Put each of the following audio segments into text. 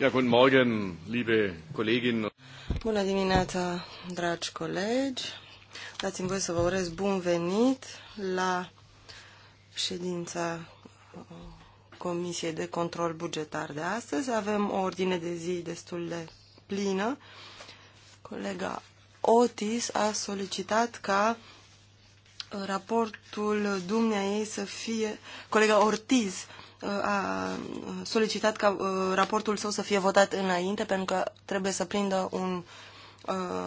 Ja, guten Morgen, liebe Kolleginnen. Bună dimineața, dragi colegi. Dați-mi voie să vă urez bun venit la ședința uh, Comisiei de Control Bugetar de astăzi. Avem o ordine de zi destul de plină. Colega Otis a solicitat ca uh, raportul dumneaei să fie, colega Ortiz a solicitat ca raportul său să fie votat înainte, pentru că trebuie să prindă un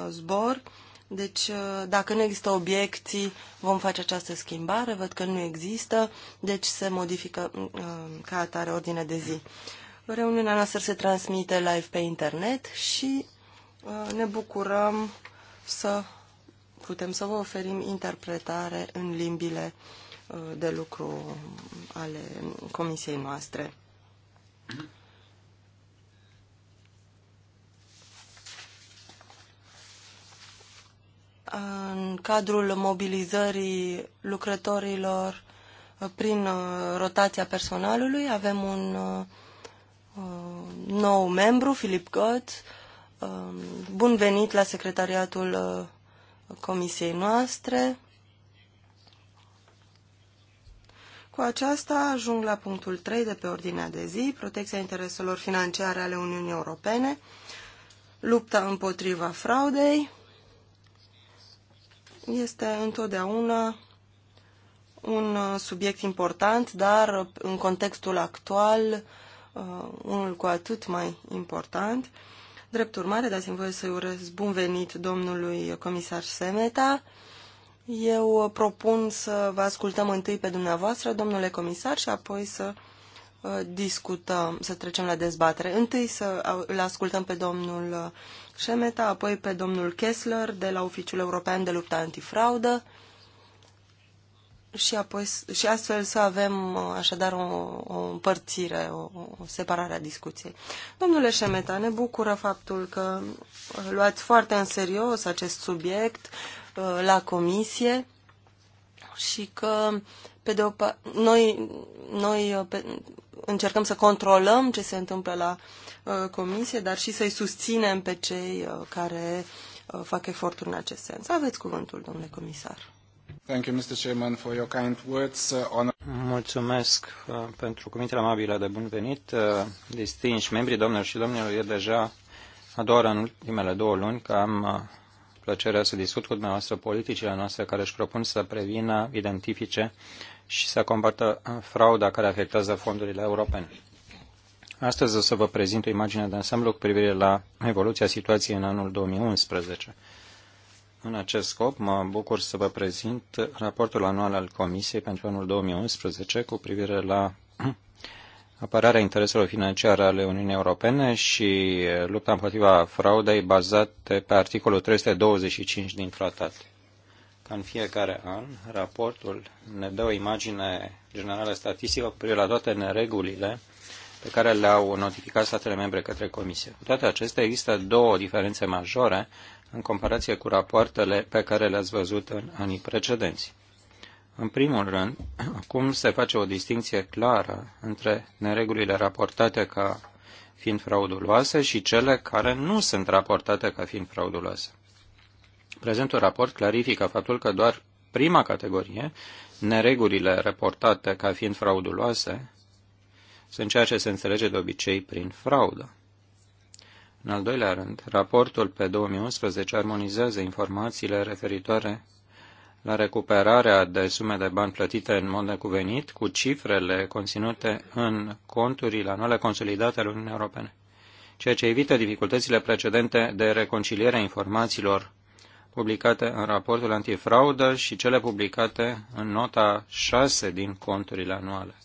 zbor. Deci, dacă nu există obiecții, vom face această schimbare. Văd că nu există, deci se modifică ca atare ordinea de zi. Reuniunea noastră se transmite live pe internet și ne bucurăm să putem să vă oferim interpretare în limbile de lucru ale comisiei noastre. În cadrul mobilizării lucrătorilor prin uh, rotația personalului avem un uh, uh, nou membru, Filip Gott. Um, bun venit la secretariatul comisiei noastre. Cu aceasta ajung la punctul 3 de pe ordinea de zi, protecția intereselor financiare ale Uniunii Europene, lupta împotriva fraudei. Este întotdeauna un uh, subiect important, dar uh, în contextul actual uh, unul cu atât mai important. Drept urmare, dați-mi voie să-i urez bun venit domnului comisar Semeta eu uh, propun să vă ascultăm întâi pe dumneavoastră, domnule comisar, și apoi să uh, discutăm, să trecem la dezbatere. Întâi să uh, îl ascultăm pe domnul Șemeta, apoi pe domnul Kessler de la Oficiul European de Luptă Antifraudă și, apoi, și astfel să avem așadar o, o împărțire, o, o separare a discuției. Domnule Șemeta, ne bucură faptul că luați foarte în serios acest subiect, Uh, la comisie și că pe de o noi, noi uh, pe, încercăm să controlăm ce se întâmplă la uh, comisie, dar și să-i susținem pe cei uh, care uh, fac eforturi în acest sens. Aveți cuvântul, domnule comisar. Thank you, Mr. Chairman, for your kind words uh, on... Mulțumesc pentru cuvintele amabile de bun venit. Distinși membrii, domnilor și domnilor, e deja a doua în ultimele două luni că am plăcerea să discut cu dumneavoastră politicile noastre care își propun să prevină, identifice și să combată frauda care afectează fondurile europene. Astăzi o să vă prezint o imagine de ansamblu cu privire la evoluția situației în anul 2011. În acest scop, mă bucur să vă prezint raportul anual al Comisiei pentru anul 2011 cu privire la apărarea intereselor financiare ale Uniunii Europene și lupta împotriva fraudei bazate pe articolul 325 din tratat. Ca în fiecare an, raportul ne dă o imagine generală statistică cu privire la toate neregulile pe care le-au notificat statele membre către Comisie. Cu toate acestea, există două diferențe majore în comparație cu rapoartele pe care le-ați văzut în anii precedenți. În primul rând, acum se face o distinție clară între neregulile raportate ca fiind frauduloase și cele care nu sunt raportate ca fiind frauduloase. Prezentul raport clarifică faptul că doar prima categorie, neregulile raportate ca fiind frauduloase, sunt ceea ce se înțelege de obicei prin fraudă. În al doilea rând, raportul pe 2011 armonizează informațiile referitoare la recuperarea de sume de bani plătite în mod necuvenit cu cifrele conținute în conturile anuale consolidate ale Uniunii Europene, ceea ce evită dificultățile precedente de reconciliere a informațiilor publicate în raportul antifraudă și cele publicate în nota 6 din conturile anuale.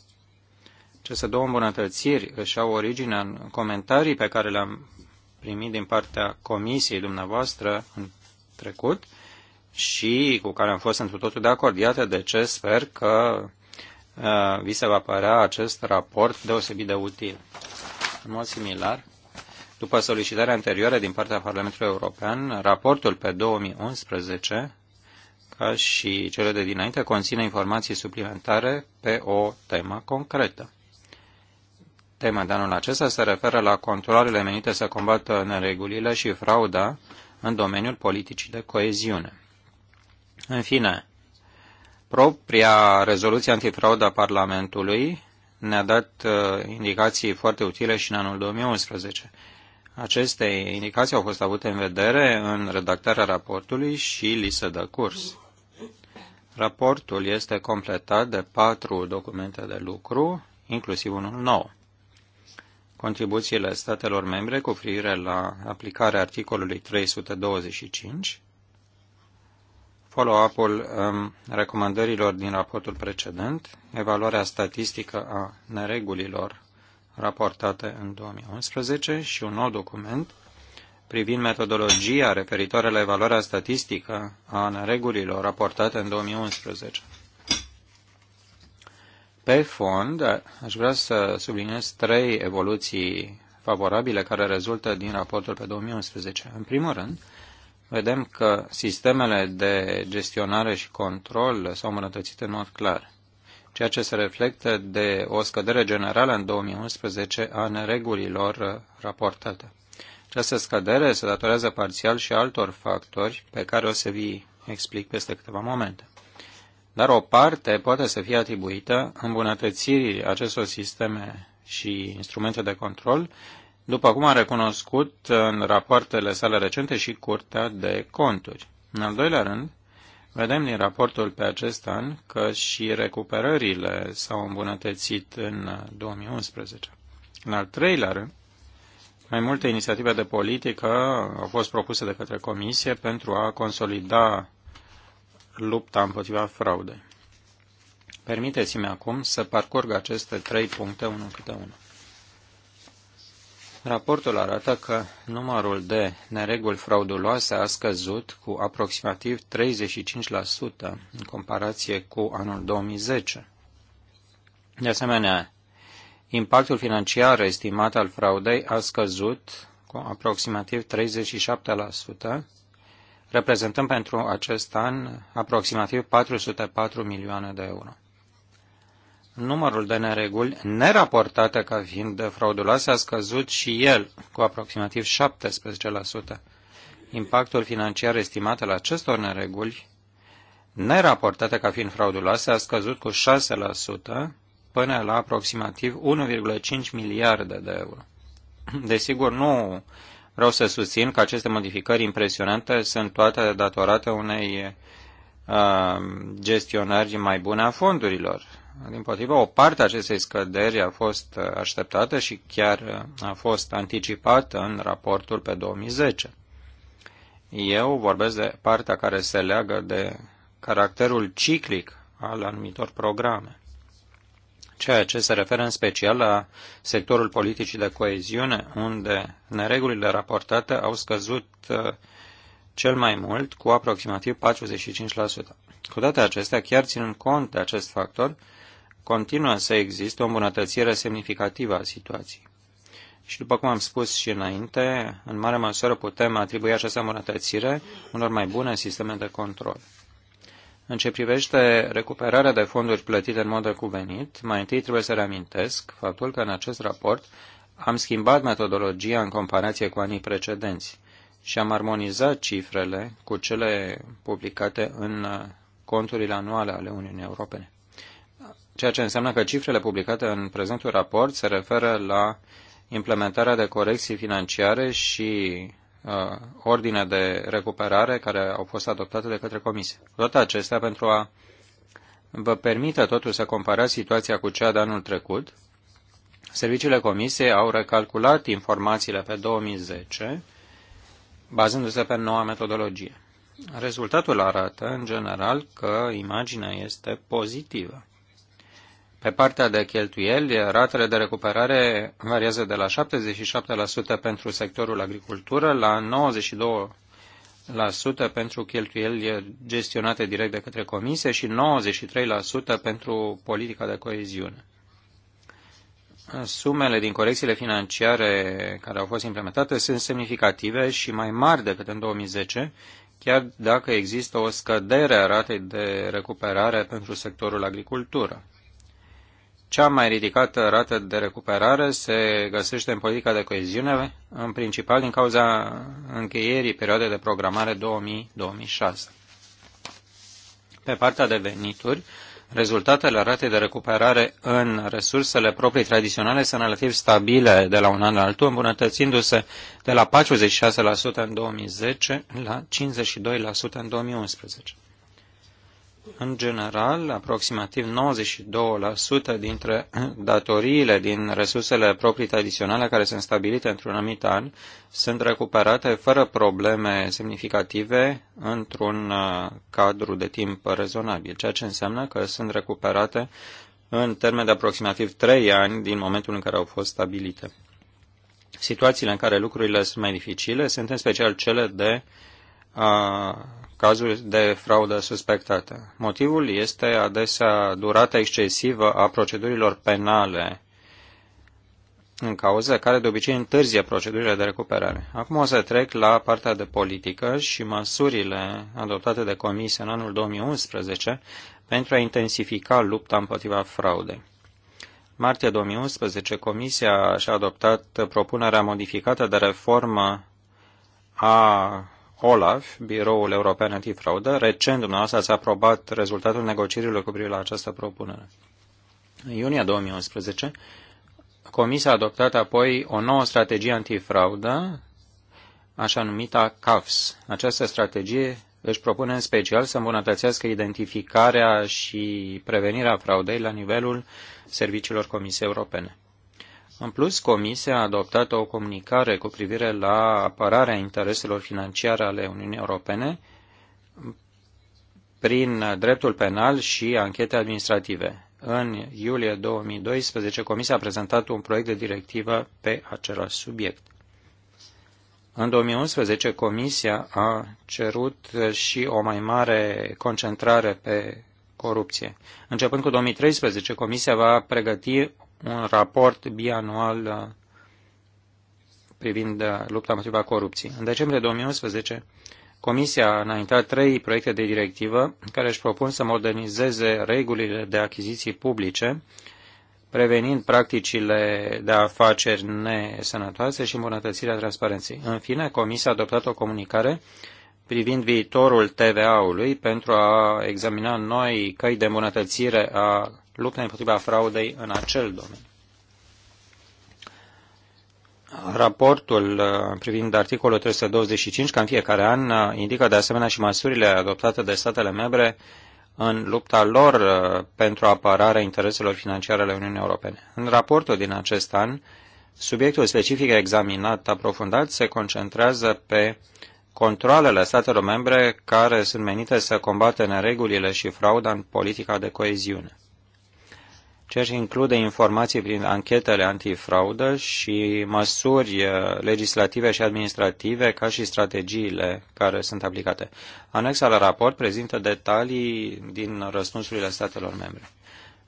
Aceste două îmbunătățiri își au originea în comentarii pe care le-am primit din partea comisiei dumneavoastră în trecut, și cu care am fost întru totul de acord. Iată de ce sper că uh, vi se va părea acest raport deosebit de util. În mod similar, după solicitarea anterioară din partea Parlamentului European, raportul pe 2011, ca și cele de dinainte, conține informații suplimentare pe o temă concretă. Tema de anul acesta se referă la controlele menite să combată neregulile și frauda în domeniul politicii de coeziune. În fine, propria rezoluție antifraudă a Parlamentului ne-a dat uh, indicații foarte utile și în anul 2011. Aceste indicații au fost avute în vedere în redactarea raportului și li se dă curs. Raportul este completat de patru documente de lucru, inclusiv unul nou. Contribuțiile statelor membre cu privire la aplicarea articolului 325, follow-up-ul um, recomandărilor din raportul precedent, evaluarea statistică a neregulilor raportate în 2011 și un nou document privind metodologia referitoare la evaluarea statistică a neregulilor raportate în 2011. Pe fond, aș vrea să subliniez trei evoluții favorabile care rezultă din raportul pe 2011. În primul rând, vedem că sistemele de gestionare și control s-au îmbunătățit în mod clar, ceea ce se reflectă de o scădere generală în 2011 a neregulilor uh, raportate. Această scădere se datorează parțial și altor factori pe care o să vi explic peste câteva momente. Dar o parte poate să fie atribuită îmbunătățirii acestor sisteme și instrumente de control după cum a recunoscut în rapoartele sale recente și Curtea de Conturi. În al doilea rând, vedem din raportul pe acest an că și recuperările s-au îmbunătățit în 2011. În al treilea rând, mai multe inițiative de politică au fost propuse de către Comisie pentru a consolida lupta împotriva fraudei. Permiteți-mi acum să parcurg aceste trei puncte unul câte unul. Raportul arată că numărul de nereguli frauduloase a scăzut cu aproximativ 35% în comparație cu anul 2010. De asemenea, impactul financiar estimat al fraudei a scăzut cu aproximativ 37%, reprezentând pentru acest an aproximativ 404 milioane de euro numărul de nereguli neraportate ca fiind frauduloase a scăzut și el cu aproximativ 17%. Impactul financiar estimat al acestor nereguli neraportate ca fiind frauduloase a scăzut cu 6% până la aproximativ 1,5 miliarde de euro. Desigur, nu vreau să susțin că aceste modificări impresionante sunt toate datorate unei uh, gestionări mai bune a fondurilor din potrivă, o parte a acestei scăderi a fost uh, așteptată și chiar uh, a fost anticipată în raportul pe 2010. Eu vorbesc de partea care se leagă de caracterul ciclic al anumitor programe, ceea ce se referă în special la sectorul politicii de coeziune, unde neregulile raportate au scăzut uh, cel mai mult, cu aproximativ 45%. Cu toate acestea, chiar ținând cont de acest factor, Continuă să existe o îmbunătățire semnificativă a situației. Și după cum am spus și înainte, în mare măsură putem atribui această îmbunătățire unor mai bune sisteme de control. În ce privește recuperarea de fonduri plătite în mod recuvenit, mai întâi trebuie să reamintesc faptul că în acest raport am schimbat metodologia în comparație cu anii precedenți și am armonizat cifrele cu cele publicate în conturile anuale ale Uniunii Europene ceea ce înseamnă că cifrele publicate în prezentul raport se referă la implementarea de corecții financiare și uh, ordine de recuperare care au fost adoptate de către Comisie. Cu toate acestea, pentru a vă permite totuși să comparați situația cu cea de anul trecut, serviciile Comisiei au recalculat informațiile pe 2010, bazându-se pe noua metodologie. Rezultatul arată, în general, că imaginea este pozitivă. Pe partea de cheltuieli, ratele de recuperare variază de la 77% pentru sectorul agricultură la 92% pentru cheltuieli gestionate direct de către comisie și 93% pentru politica de coeziune. Sumele din corecțiile financiare care au fost implementate sunt semnificative și mai mari decât în 2010, chiar dacă există o scădere a ratei de recuperare pentru sectorul agricultură. Cea mai ridicată rată de recuperare se găsește în politica de coeziune, în principal din cauza încheierii perioadei de programare 2000-2006. Pe partea de venituri, rezultatele ratei de recuperare în resursele proprii tradiționale sunt relativ stabile de la un an la altul, îmbunătățindu-se de la 46% în 2010 la 52% în 2011. În general, aproximativ 92% dintre datoriile din resursele proprii tradiționale care sunt stabilite într-un anumit an sunt recuperate fără probleme semnificative într-un uh, cadru de timp rezonabil, ceea ce înseamnă că sunt recuperate în termen de aproximativ 3 ani din momentul în care au fost stabilite. Situațiile în care lucrurile sunt mai dificile sunt în special cele de a cazuri de fraudă suspectată. Motivul este adesea durata excesivă a procedurilor penale în cauză, care de obicei întârzie procedurile de recuperare. Acum o să trec la partea de politică și măsurile adoptate de comisie în anul 2011 pentru a intensifica lupta împotriva fraudei. Martie 2011, Comisia și-a adoptat propunerea modificată de reformă a OLAF, Biroul European Antifraudă. Recent, dumneavoastră, ați aprobat rezultatul negocierilor cu privire la această propunere. În iunie 2011, Comisia a adoptat apoi o nouă strategie antifraudă, așa numită CAFS. Această strategie își propune în special să îmbunătățească identificarea și prevenirea fraudei la nivelul serviciilor Comisiei Europene. În plus, Comisia a adoptat o comunicare cu privire la apărarea intereselor financiare ale Uniunii Europene prin dreptul penal și anchete administrative. În iulie 2012, Comisia a prezentat un proiect de directivă pe același subiect. În 2011, Comisia a cerut și o mai mare concentrare pe corupție. Începând cu 2013, Comisia va pregăti un raport bianual uh, privind uh, lupta împotriva corupției. În decembrie 2011, Comisia a înaintat trei proiecte de directivă care își propun să modernizeze regulile de achiziții publice, prevenind practicile de afaceri nesănătoase și îmbunătățirea transparenței. În fine, Comisia a adoptat o comunicare privind viitorul TVA-ului pentru a examina noi căi de îmbunătățire a lupta împotriva fraudei în acel domeniu. Raportul uh, privind articolul 325, ca în fiecare an, uh, indică de asemenea și măsurile adoptate de statele membre în lupta lor uh, pentru apărarea intereselor financiare ale Uniunii Europene. În raportul din acest an, subiectul specific examinat aprofundat se concentrează pe controlele statelor membre care sunt menite să combată neregulile și frauda în politica de coeziune ceea ce include informații prin anchetele antifraudă și măsuri eh, legislative și administrative, ca și strategiile care sunt aplicate. Anexa la raport prezintă detalii din răspunsurile statelor membre.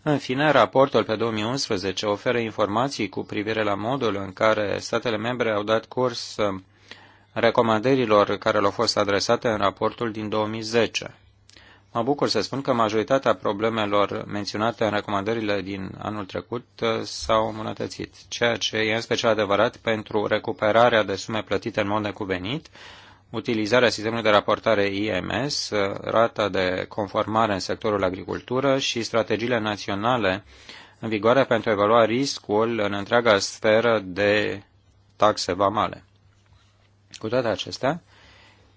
În fine, raportul pe 2011 oferă informații cu privire la modul în care statele membre au dat curs eh, recomandărilor care le-au fost adresate în raportul din 2010. Mă bucur să spun că majoritatea problemelor menționate în recomandările din anul trecut uh, s-au îmbunătățit, ceea ce e în special adevărat pentru recuperarea de sume plătite în mod necuvenit, utilizarea sistemului de raportare IMS, uh, rata de conformare în sectorul agricultură și strategiile naționale în vigoare pentru a evalua riscul în întreaga sferă de taxe vamale. Cu toate acestea,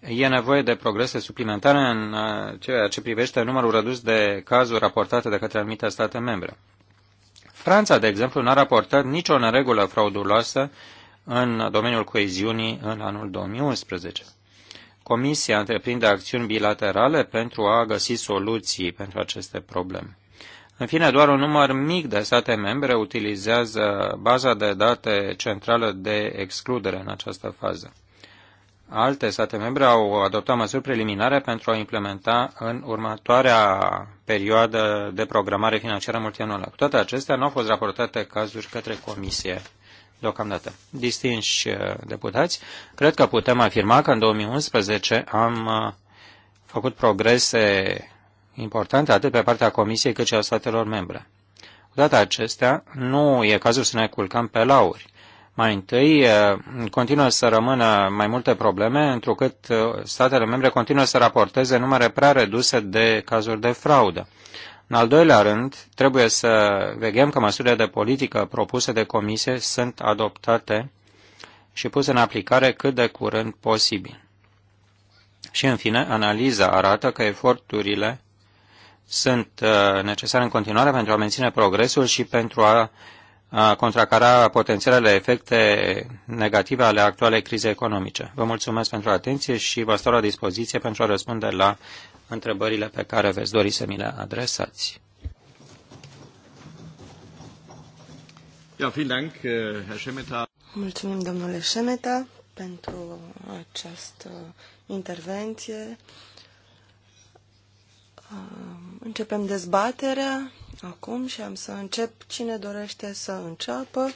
E nevoie de progrese suplimentare în uh, ceea ce privește numărul redus de cazuri raportate de către anumite state membre. Franța, de exemplu, n-a raportat nicio neregulă frauduloasă în domeniul coeziunii în anul 2011. Comisia întreprinde acțiuni bilaterale pentru a găsi soluții pentru aceste probleme. În fine, doar un număr mic de state membre utilizează baza de date centrală de excludere în această fază alte state membre au adoptat măsuri preliminare pentru a implementa în următoarea perioadă de programare financiară multianuală. Cu toate acestea, nu au fost raportate cazuri către Comisie deocamdată. Distinși uh, deputați, cred că putem afirma că în 2011 am uh, făcut progrese importante atât pe partea Comisiei cât și a statelor membre. Cu toate acestea, nu e cazul să ne culcăm pe lauri. Mai întâi, eh, continuă să rămână mai multe probleme, întrucât eh, statele membre continuă să raporteze numere prea reduse de cazuri de fraudă. În al doilea rând, trebuie să vegem că măsurile de politică propuse de comisie sunt adoptate și puse în aplicare cât de curând posibil. Și, în fine, analiza arată că eforturile sunt eh, necesare în continuare pentru a menține progresul și pentru a a contracara potențialele efecte negative ale actualei crize economice. Vă mulțumesc pentru atenție și vă stau la dispoziție pentru a răspunde la întrebările pe care veți dori să mi le adresați. Äh, Mulțumim, domnule Șemeta, pentru această intervenție Începem dezbaterea acum și am să încep cine dorește să înceapă.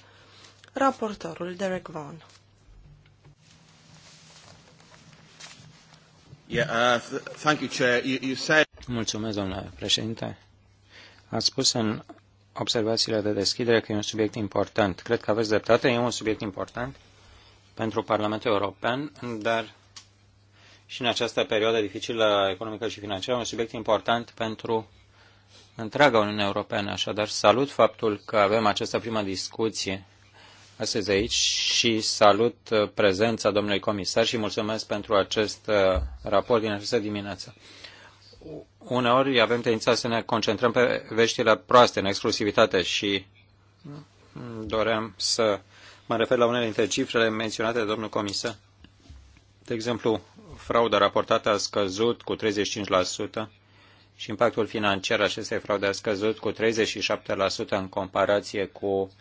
Raportorul Derek Vaughan. Yeah, uh, thank you, Chair. You, you said... Mulțumesc, domnule președinte. Ați spus în observațiile de deschidere că e un subiect important. Cred că aveți dreptate, e un subiect important pentru Parlamentul European, dar și în această perioadă dificilă economică și financiară, un subiect important pentru întreaga Uniune Europeană. Așadar, salut faptul că avem această primă discuție astăzi aici și salut uh, prezența domnului comisar și mulțumesc pentru acest uh, raport din această dimineață. Uneori avem tendința să ne concentrăm pe veștile proaste în exclusivitate și doream să mă refer la unele dintre cifrele menționate de domnul comisar. De exemplu, frauda raportată a scăzut cu 35% și impactul financiar acestei fraude a scăzut cu 37% în comparație cu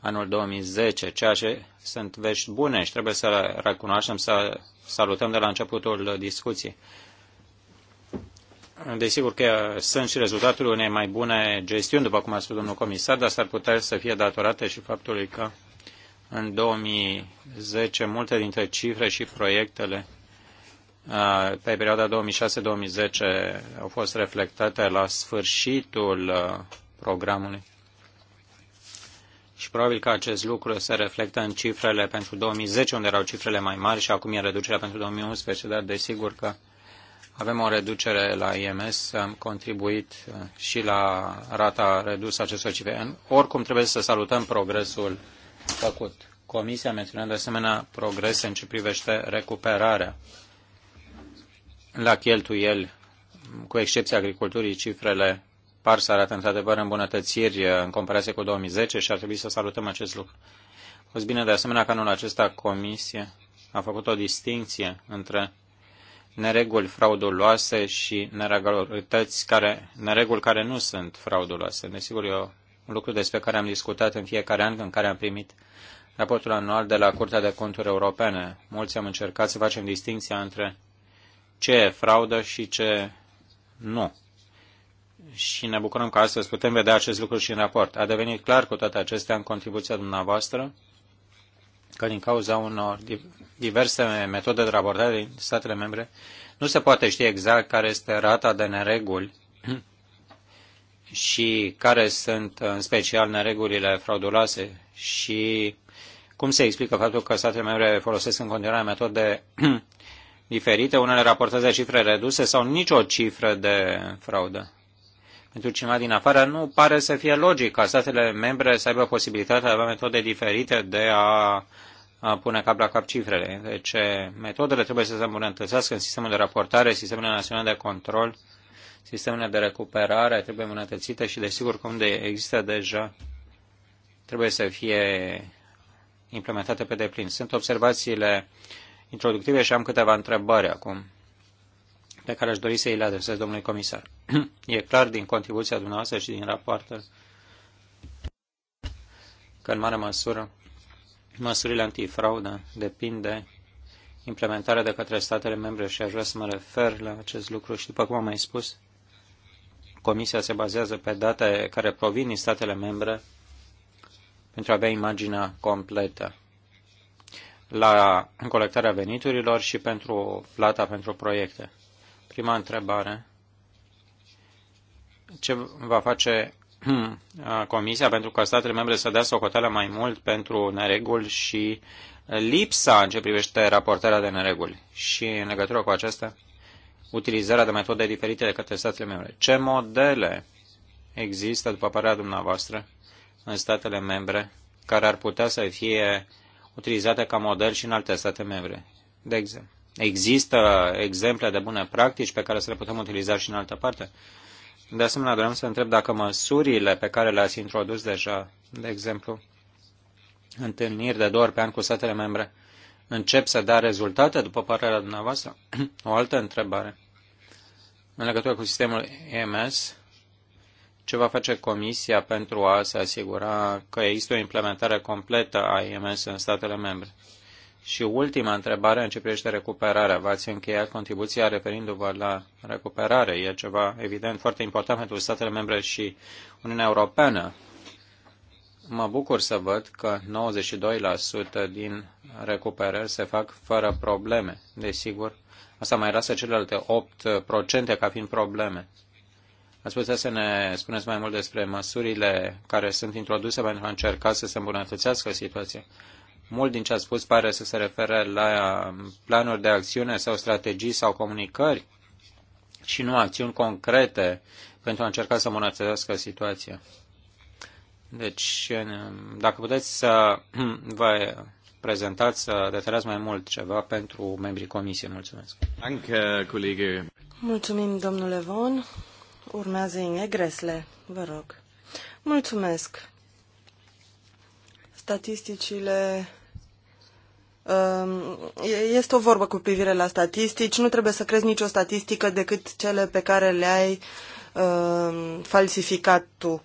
anul 2010, ceea ce sunt vești bune și trebuie să recunoaștem, să salutăm de la începutul discuției. Desigur că sunt și rezultatul unei mai bune gestiuni, după cum a spus domnul comisar, dar s-ar putea să fie datorate și faptului că în 2010 multe dintre cifre și proiectele Ah, pe perioada 2006-2010 au fost reflectate la sfârșitul ah, programului. Și probabil că acest lucru se reflectă în cifrele pentru 2010, unde erau cifrele mai mari și acum e reducerea pentru 2011, dar desigur că avem o reducere la IMS, am contribuit ah, și la rata redusă acestor cifre. Oricum trebuie să salutăm progresul făcut. Comisia menționează de asemenea progrese în ce privește recuperarea la cheltuieli, cu excepția agriculturii, cifrele par să arată într-adevăr îmbunătățiri în comparație cu 2010 și ar trebui să salutăm acest lucru. O fost bine de asemenea că anul acesta Comisie a făcut o distinție între nereguli frauduloase și neregulități care, nereguli care nu sunt frauduloase. Desigur, e un lucru despre care am discutat în fiecare an în care am primit raportul anual de la Curtea de Conturi Europene. Mulți am încercat să facem distinția între ce e fraudă și ce nu. Și ne bucurăm că astăzi putem vedea acest lucru și în raport. A devenit clar cu toate acestea în contribuția dumneavoastră că din cauza unor diverse metode de abordare din statele membre, nu se poate ști exact care este rata de nereguli și care sunt în special neregulile frauduloase și cum se explică faptul că statele membre folosesc în continuare metode diferite, unele raportează cifre reduse sau nicio cifră de fraudă. Pentru cineva din afară nu pare să fie logic ca statele membre să aibă posibilitatea de a avea metode diferite de a, a pune cap la cap cifrele. Deci eh, metodele trebuie să se îmbunătățească în sistemul de raportare, sistemele naționale de control, sistemele de recuperare trebuie îmbunătățite și desigur că unde există deja trebuie să fie implementate pe deplin. Sunt observațiile uh, introductive și am câteva întrebări acum pe care aș dori să îi le adresez domnului comisar. E clar din contribuția dumneavoastră și din rapoarte că în mare măsură măsurile antifraudă depind de implementarea de către statele membre și aș vrea să mă refer la acest lucru și după cum am mai spus, Comisia se bazează pe date care provin din statele membre pentru a avea imaginea completă la colectarea veniturilor și pentru plata pentru proiecte. Prima întrebare. Ce va face Comisia pentru ca statele membre să dea socoteală mai mult pentru nereguli și lipsa în ce privește raportarea de nereguli și în legătură cu acestea utilizarea de metode diferite de către statele membre. Ce modele există, după părerea dumneavoastră, în statele membre care ar putea să fie utilizate ca model și în alte state membre. De exemplu, există exemple de bune practici pe care să le putem utiliza și în altă parte? De asemenea, doream să întreb dacă măsurile pe care le-ați introdus deja, de exemplu, întâlniri de două ori pe an cu statele membre, încep să dea rezultate, după părerea dumneavoastră? O altă întrebare. În legătură cu sistemul EMS, ce va face Comisia pentru a se asigura că există o implementare completă a IMS în statele membre? Și ultima întrebare în ce privește recuperarea. V-ați încheiat contribuția referindu-vă la recuperare. E ceva, evident, foarte important pentru statele membre și Uniunea Europeană. Mă bucur să văd că 92% din recuperări se fac fără probleme. Desigur, asta mai lasă celelalte 8% ca fiind probleme. Ați putea să ne spuneți mai mult despre măsurile care sunt introduse pentru a încerca să se îmbunătățească situația? Mult din ce ați spus pare să se refere la planuri de acțiune sau strategii sau comunicări și nu acțiuni concrete pentru a încerca să îmbunătățească situația. Deci, dacă puteți să vă prezentați, să detaliați mai mult ceva pentru membrii comisiei. Mulțumesc. Mulțumim, domnule Von. Urmează Inge Gresle, vă rog. Mulțumesc. Statisticile um, este o vorbă cu privire la statistici. Nu trebuie să crezi nicio statistică decât cele pe care le-ai um, falsificat tu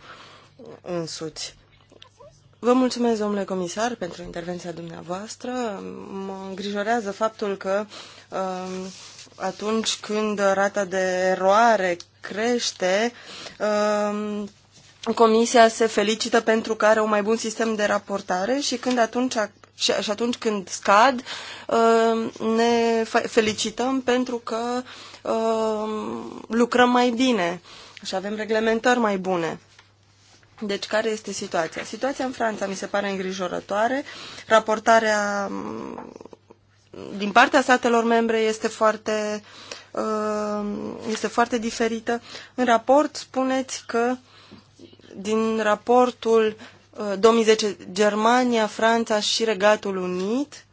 însuți. Vă mulțumesc, domnule comisar, pentru intervenția dumneavoastră. Mă îngrijorează faptul că um, atunci când rata de eroare crește, um, Comisia se felicită pentru că are un mai bun sistem de raportare și când atunci și, și atunci când scad, um, ne felicităm pentru că um, lucrăm mai bine și avem reglementări mai bune. Deci, care este situația? Situația în Franța mi se pare îngrijorătoare. Raportarea din partea statelor membre este foarte Uh, este foarte diferită. În raport spuneți că din raportul 2010 uh, Germania, Franța și Regatul Unit,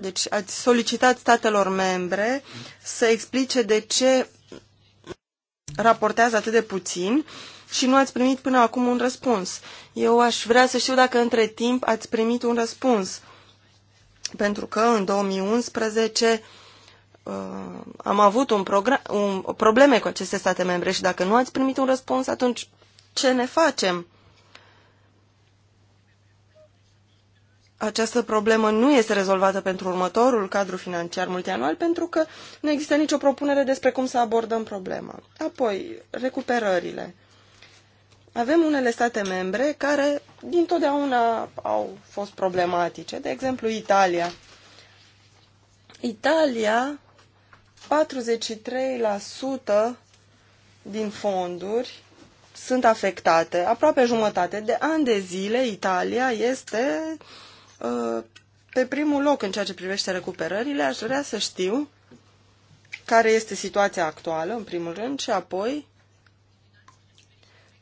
deci ați solicitat statelor membre să explice de ce raportează atât de puțin și nu ați primit până acum un răspuns. Eu aș vrea să știu dacă între timp ați primit un răspuns. Pentru că în 2011 uh, am avut un un, probleme cu aceste state membre și dacă nu ați primit un răspuns, atunci ce ne facem? Această problemă nu este rezolvată pentru următorul cadru financiar multianual pentru că nu există nicio propunere despre cum să abordăm problema. Apoi, recuperările. Avem unele state membre care dintotdeauna au fost problematice, de exemplu Italia. Italia 43% din fonduri sunt afectate. Aproape jumătate de ani de zile Italia este uh, pe primul loc în ceea ce privește recuperările. Aș vrea să știu care este situația actuală, în primul rând, și apoi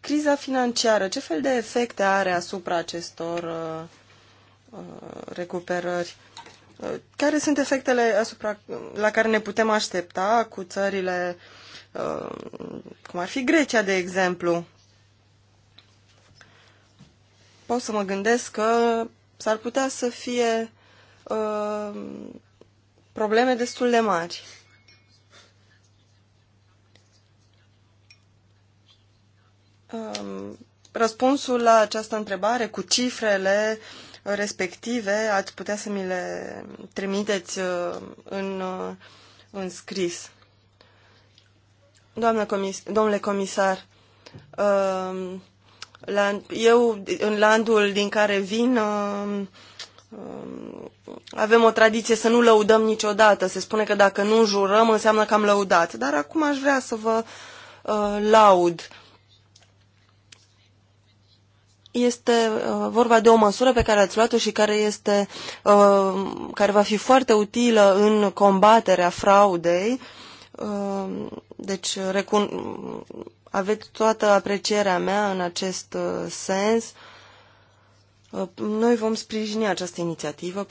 criza financiară. Ce fel de efecte are asupra acestor uh, uh, recuperări? Uh, care sunt efectele asupra, la care ne putem aștepta cu țările, uh, cum ar fi Grecia, de exemplu? Pot să mă gândesc că s-ar putea să fie uh, probleme destul de mari. Um, răspunsul la această întrebare cu cifrele respective ați putea să mi le trimiteți uh, în, uh, în scris. Doamnă comis, domnule comisar, uh, eu, în landul din care vin, avem o tradiție să nu lăudăm niciodată. Se spune că dacă nu jurăm, înseamnă că am lăudat. Dar acum aș vrea să vă laud este uh, vorba de o măsură pe care ați luat-o și care, este, uh, care va fi foarte utilă în combaterea fraudei. Uh, deci recun... aveți toată aprecierea mea în acest sens. Noi vom sprijini această inițiativă.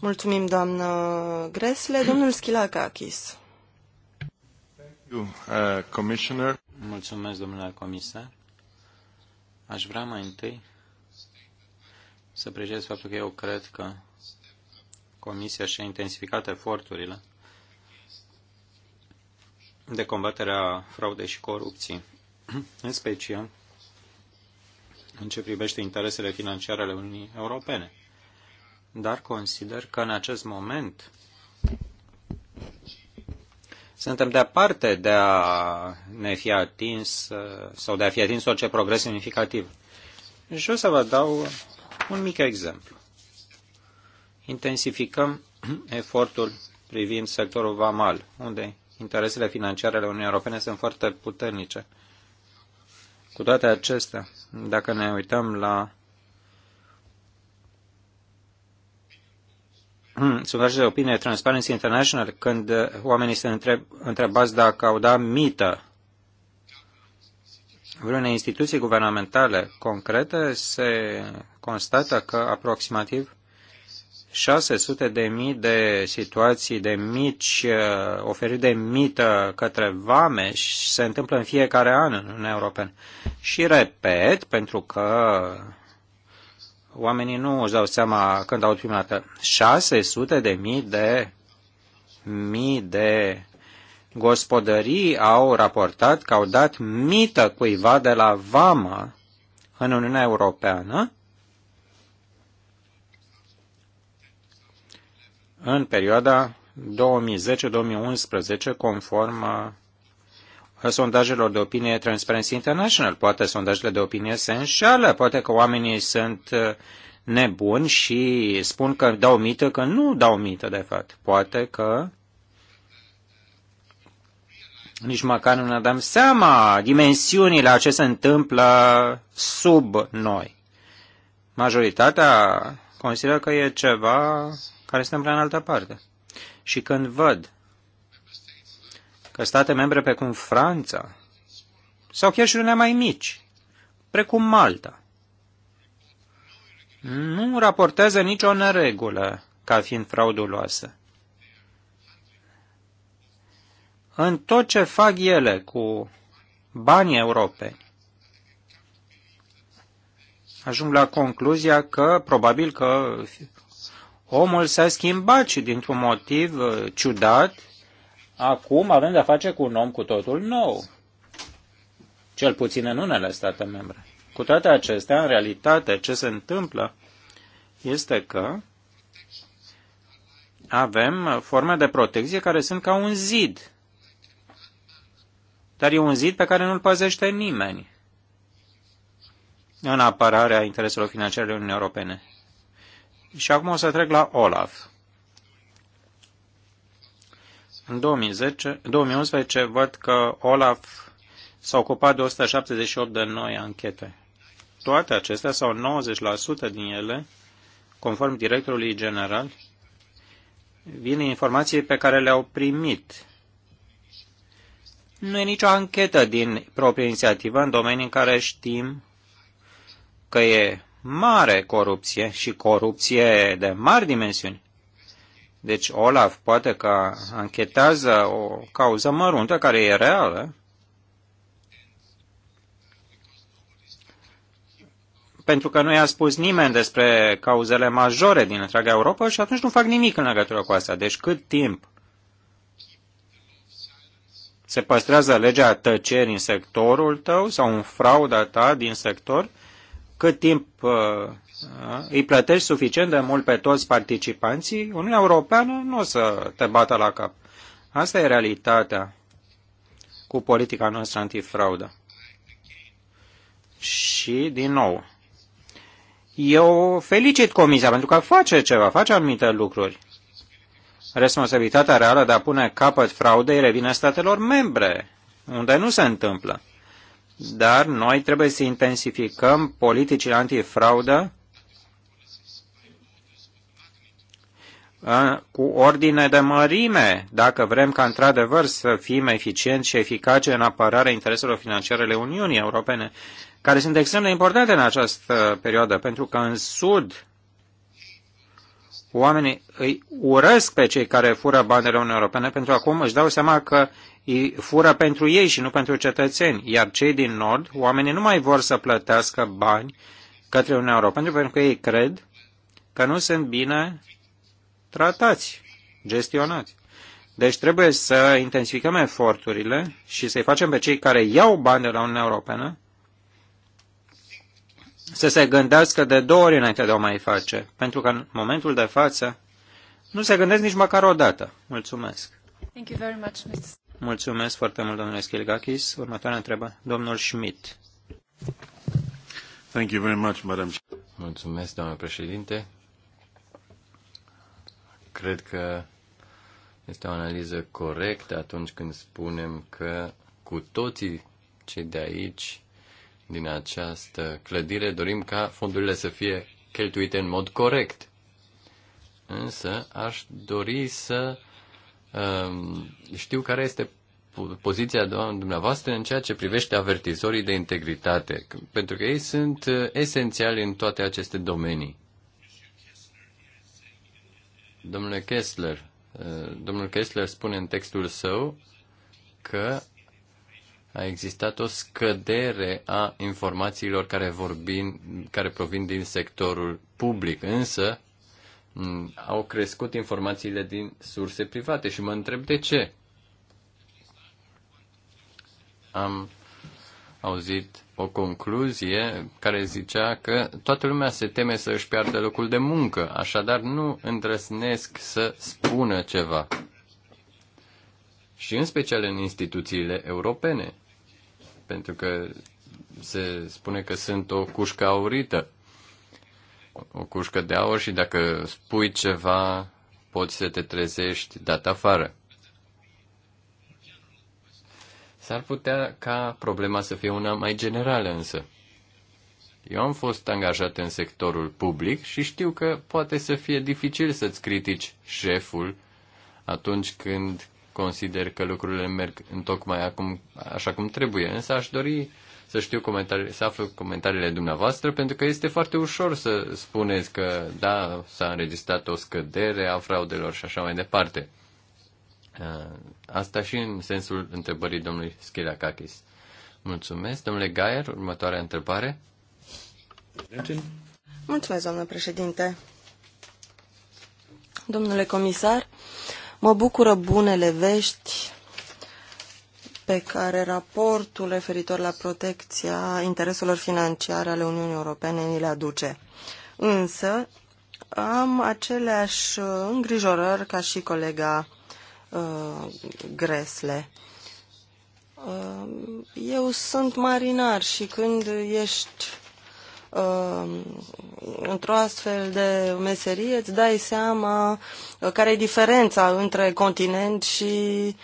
Mulțumim, doamnă Gresle. Domnul Schilacakis. Thank you, uh, Commissioner. Mulțumesc, domnule comisar. Aș vrea mai întâi să precizez faptul că eu cred că Comisia și-a intensificat eforturile de combatere a fraudei și corupției, în special în ce privește interesele financiare ale Uniunii Europene. Dar consider că în acest moment suntem departe de a ne fi atins uh, sau de a fi atins orice progres semnificativ. Și o să vă dau un mic exemplu. Intensificăm efortul privind sectorul vamal, unde interesele financiare ale Uniunii Europene sunt foarte puternice. Cu toate acestea, dacă ne uităm la Hmm, sondaje de opinie Transparency International când oamenii se întreb, întrebați dacă au dat mită vreunei instituții guvernamentale concrete, se constată că aproximativ 600 de mii de situații de mici uh, oferite de mită către vame și se întâmplă în fiecare an în Uniunea Europeană. Și repet, pentru că oamenii nu își dau seama când aud prima dată. 600 de mii de mii de gospodării au raportat că au dat mită cuiva de la vamă în Uniunea Europeană în perioada 2010-2011 conform sondajelor de opinie Transparency International. Poate sondajele de opinie se înșală, poate că oamenii sunt uh, nebuni și spun că dau mită, că nu dau mită, de fapt. Poate că nici măcar nu ne dăm seama dimensiunile a ce se întâmplă sub noi. Majoritatea consideră că e ceva care se întâmplă în altă parte. Și când văd că state membre precum Franța sau chiar și unele mai mici, precum Malta, nu raportează nicio neregulă ca fiind frauduloasă. În tot ce fac ele cu banii europeni, ajung la concluzia că probabil că omul s-a schimbat și dintr-un motiv uh, ciudat Acum avem de-a face cu un om cu totul nou, cel puțin în unele state membre. Cu toate acestea, în realitate, ce se întâmplă este că avem forme de protecție care sunt ca un zid. Dar e un zid pe care nu-l păzește nimeni în apărarea intereselor financiare ale Uniunii Europene. Și acum o să trec la Olaf. În 2010, 2011 văd că Olaf s-a ocupat de 178 de noi anchete. Toate acestea sau 90% din ele, conform directorului general, vin informații pe care le-au primit. Nu e nicio anchetă din proprie inițiativă în domenii în care știm că e mare corupție și corupție de mari dimensiuni. Deci Olaf poate că anchetează o cauză măruntă care e reală, pentru că nu i-a spus nimeni despre cauzele majore din întreaga Europa și atunci nu fac nimic în legătură cu asta. Deci cât timp se păstrează legea tăcerii în sectorul tău sau în frauda ta din sector, cât timp uh, da? îi plătești suficient de mult pe toți participanții, Uniunea Europeană nu o să te bată la cap. Asta e realitatea cu politica noastră antifraudă. Și, din nou, eu felicit Comisia pentru că face ceva, face anumite lucruri. Responsabilitatea reală de a pune capăt fraudei revine statelor membre, unde nu se întâmplă. Dar noi trebuie să intensificăm politicile antifraudă cu ordine de mărime, dacă vrem ca într-adevăr să fim eficienți și eficace în apărarea intereselor financiare ale Uniunii Europene, care sunt extrem de importante în această perioadă, pentru că în Sud oamenii îi urăsc pe cei care fură banele Uniunii Europene, pentru că acum își dau seama că îi fură pentru ei și nu pentru cetățeni, iar cei din Nord, oamenii nu mai vor să plătească bani către Uniunea Europeană, pentru că ei cred că nu sunt bine tratați, gestionați. Deci trebuie să intensificăm eforturile și să-i facem pe cei care iau bani de la Uniunea Europeană să se gândească de două ori înainte de a o mai face, pentru că în momentul de față nu se gândesc nici măcar o dată. Mulțumesc. Thank you very much, Mr. Mulțumesc foarte mult, domnule Schilgakis. Următoarea întrebă, domnul Schmidt. Thank you very much, madam. Mulțumesc, doamnă președinte. Cred că este o analiză corectă atunci când spunem că cu toții cei de aici, din această clădire, dorim ca fondurile să fie cheltuite în mod corect. Însă aș dori să um, știu care este poziția dumneavoastră în ceea ce privește avertizorii de integritate, pentru că ei sunt uh, esențiali în toate aceste domenii. Domnule Kessler, eh, domnul Kessler spune în textul său că a existat o scădere a informațiilor care, vorbin, care provin din sectorul public, însă au crescut informațiile din surse private și mă întreb de ce. Am auzit o concluzie care zicea că toată lumea se teme să își piardă locul de muncă, așadar nu îndrăznesc să spună ceva. Și în special în instituțiile europene, pentru că se spune că sunt o cușcă aurită, o cușcă de aur și dacă spui ceva, poți să te trezești dat afară. S-ar putea ca problema să fie una mai generală însă. Eu am fost angajat în sectorul public și știu că poate să fie dificil să-ți critici șeful atunci când consider că lucrurile merg în tocmai acum, așa cum trebuie. Însă aș dori să știu comentarii, să aflu comentariile dumneavoastră, pentru că este foarte ușor să spuneți că da, s-a înregistrat o scădere a fraudelor și așa mai departe. Uh, asta și în sensul întrebării domnului Schirakakis. Mulțumesc. Domnule Gaier, următoarea întrebare. Mulțumesc, doamnă președinte. Domnule comisar, mă bucură bunele vești pe care raportul referitor la protecția intereselor financiare ale Uniunii Europene ni le aduce. Însă, am aceleași îngrijorări ca și colega Uh, gresle. Uh, eu sunt marinar și când ești uh, într-o astfel de meserie, îți dai seama care e diferența între continent și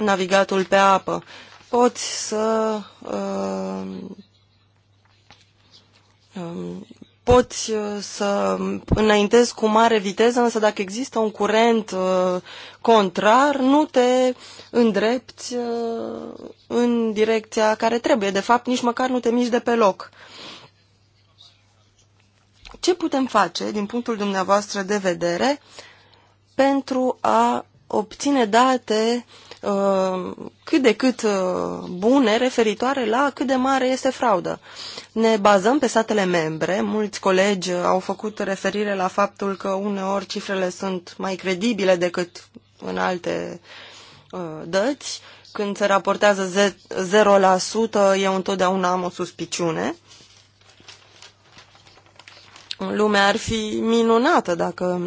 navigatul pe apă. Poți să um, poți uh, să înaintezi cu mare viteză, însă dacă există un curent uh, contrar, nu te îndrepți uh, în direcția care trebuie. De fapt, nici măcar nu te miști de pe loc. Ce putem face, din punctul dumneavoastră de vedere, pentru a obține date uh, Uh, cât de cât uh, bune referitoare la cât de mare este fraudă. Ne bazăm pe statele membre, mulți colegi au făcut referire la faptul că uneori cifrele sunt mai credibile decât în alte uh, dăți. Când se raportează 0%, eu întotdeauna am o suspiciune. Lumea ar fi minunată dacă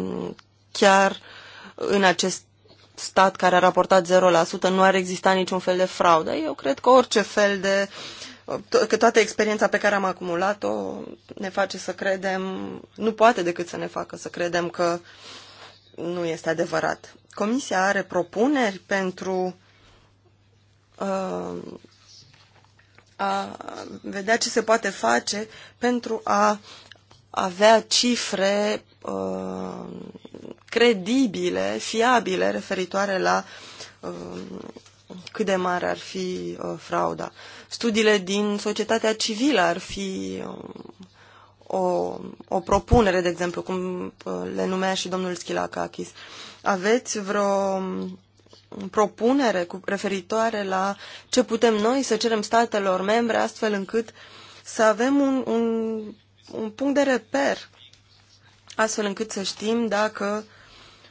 chiar în acest stat care a raportat 0% nu ar exista niciun fel de fraudă. Eu cred că orice fel de că toată experiența pe care am acumulat-o ne face să credem, nu poate decât să ne facă să credem că nu este adevărat. Comisia are propuneri pentru uh, a vedea ce se poate face pentru a avea cifre uh, credibile, fiabile, referitoare la uh, cât de mare ar fi uh, frauda. Studiile din societatea civilă ar fi uh, o, o propunere, de exemplu, cum uh, le numea și domnul Schilacakis. Aveți vreo um, propunere cu referitoare la ce putem noi să cerem statelor membre astfel încât să avem un, un un punct de reper, astfel încât să știm dacă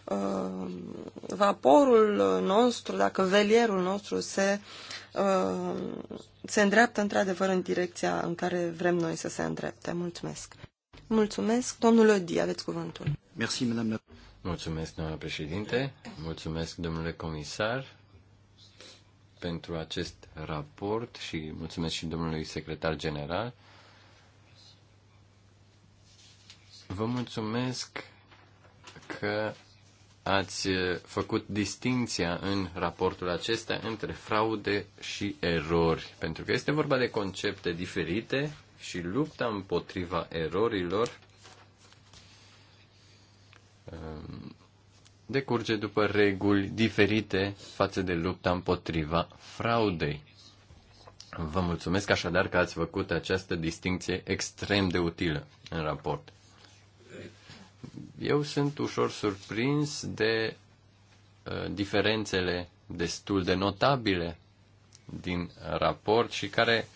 uh, vaporul nostru, dacă velierul nostru se, uh, se îndreaptă într-adevăr în direcția în care vrem noi să se îndrepte. Mulțumesc! Mulțumesc. Domnul Odi, aveți cuvântul. Merci, madame Mulțumesc, doamna președinte. Mulțumesc, domnule comisar, pentru acest raport și mulțumesc și domnului secretar general. Vă mulțumesc că ați făcut distinția în raportul acesta între fraude și erori, pentru că este vorba de concepte diferite și lupta împotriva erorilor um, decurge după reguli diferite față de lupta împotriva fraudei. Vă mulțumesc așadar că ați făcut această distinție extrem de utilă în raport eu sunt ușor surprins de uh, diferențele destul de notabile din raport și care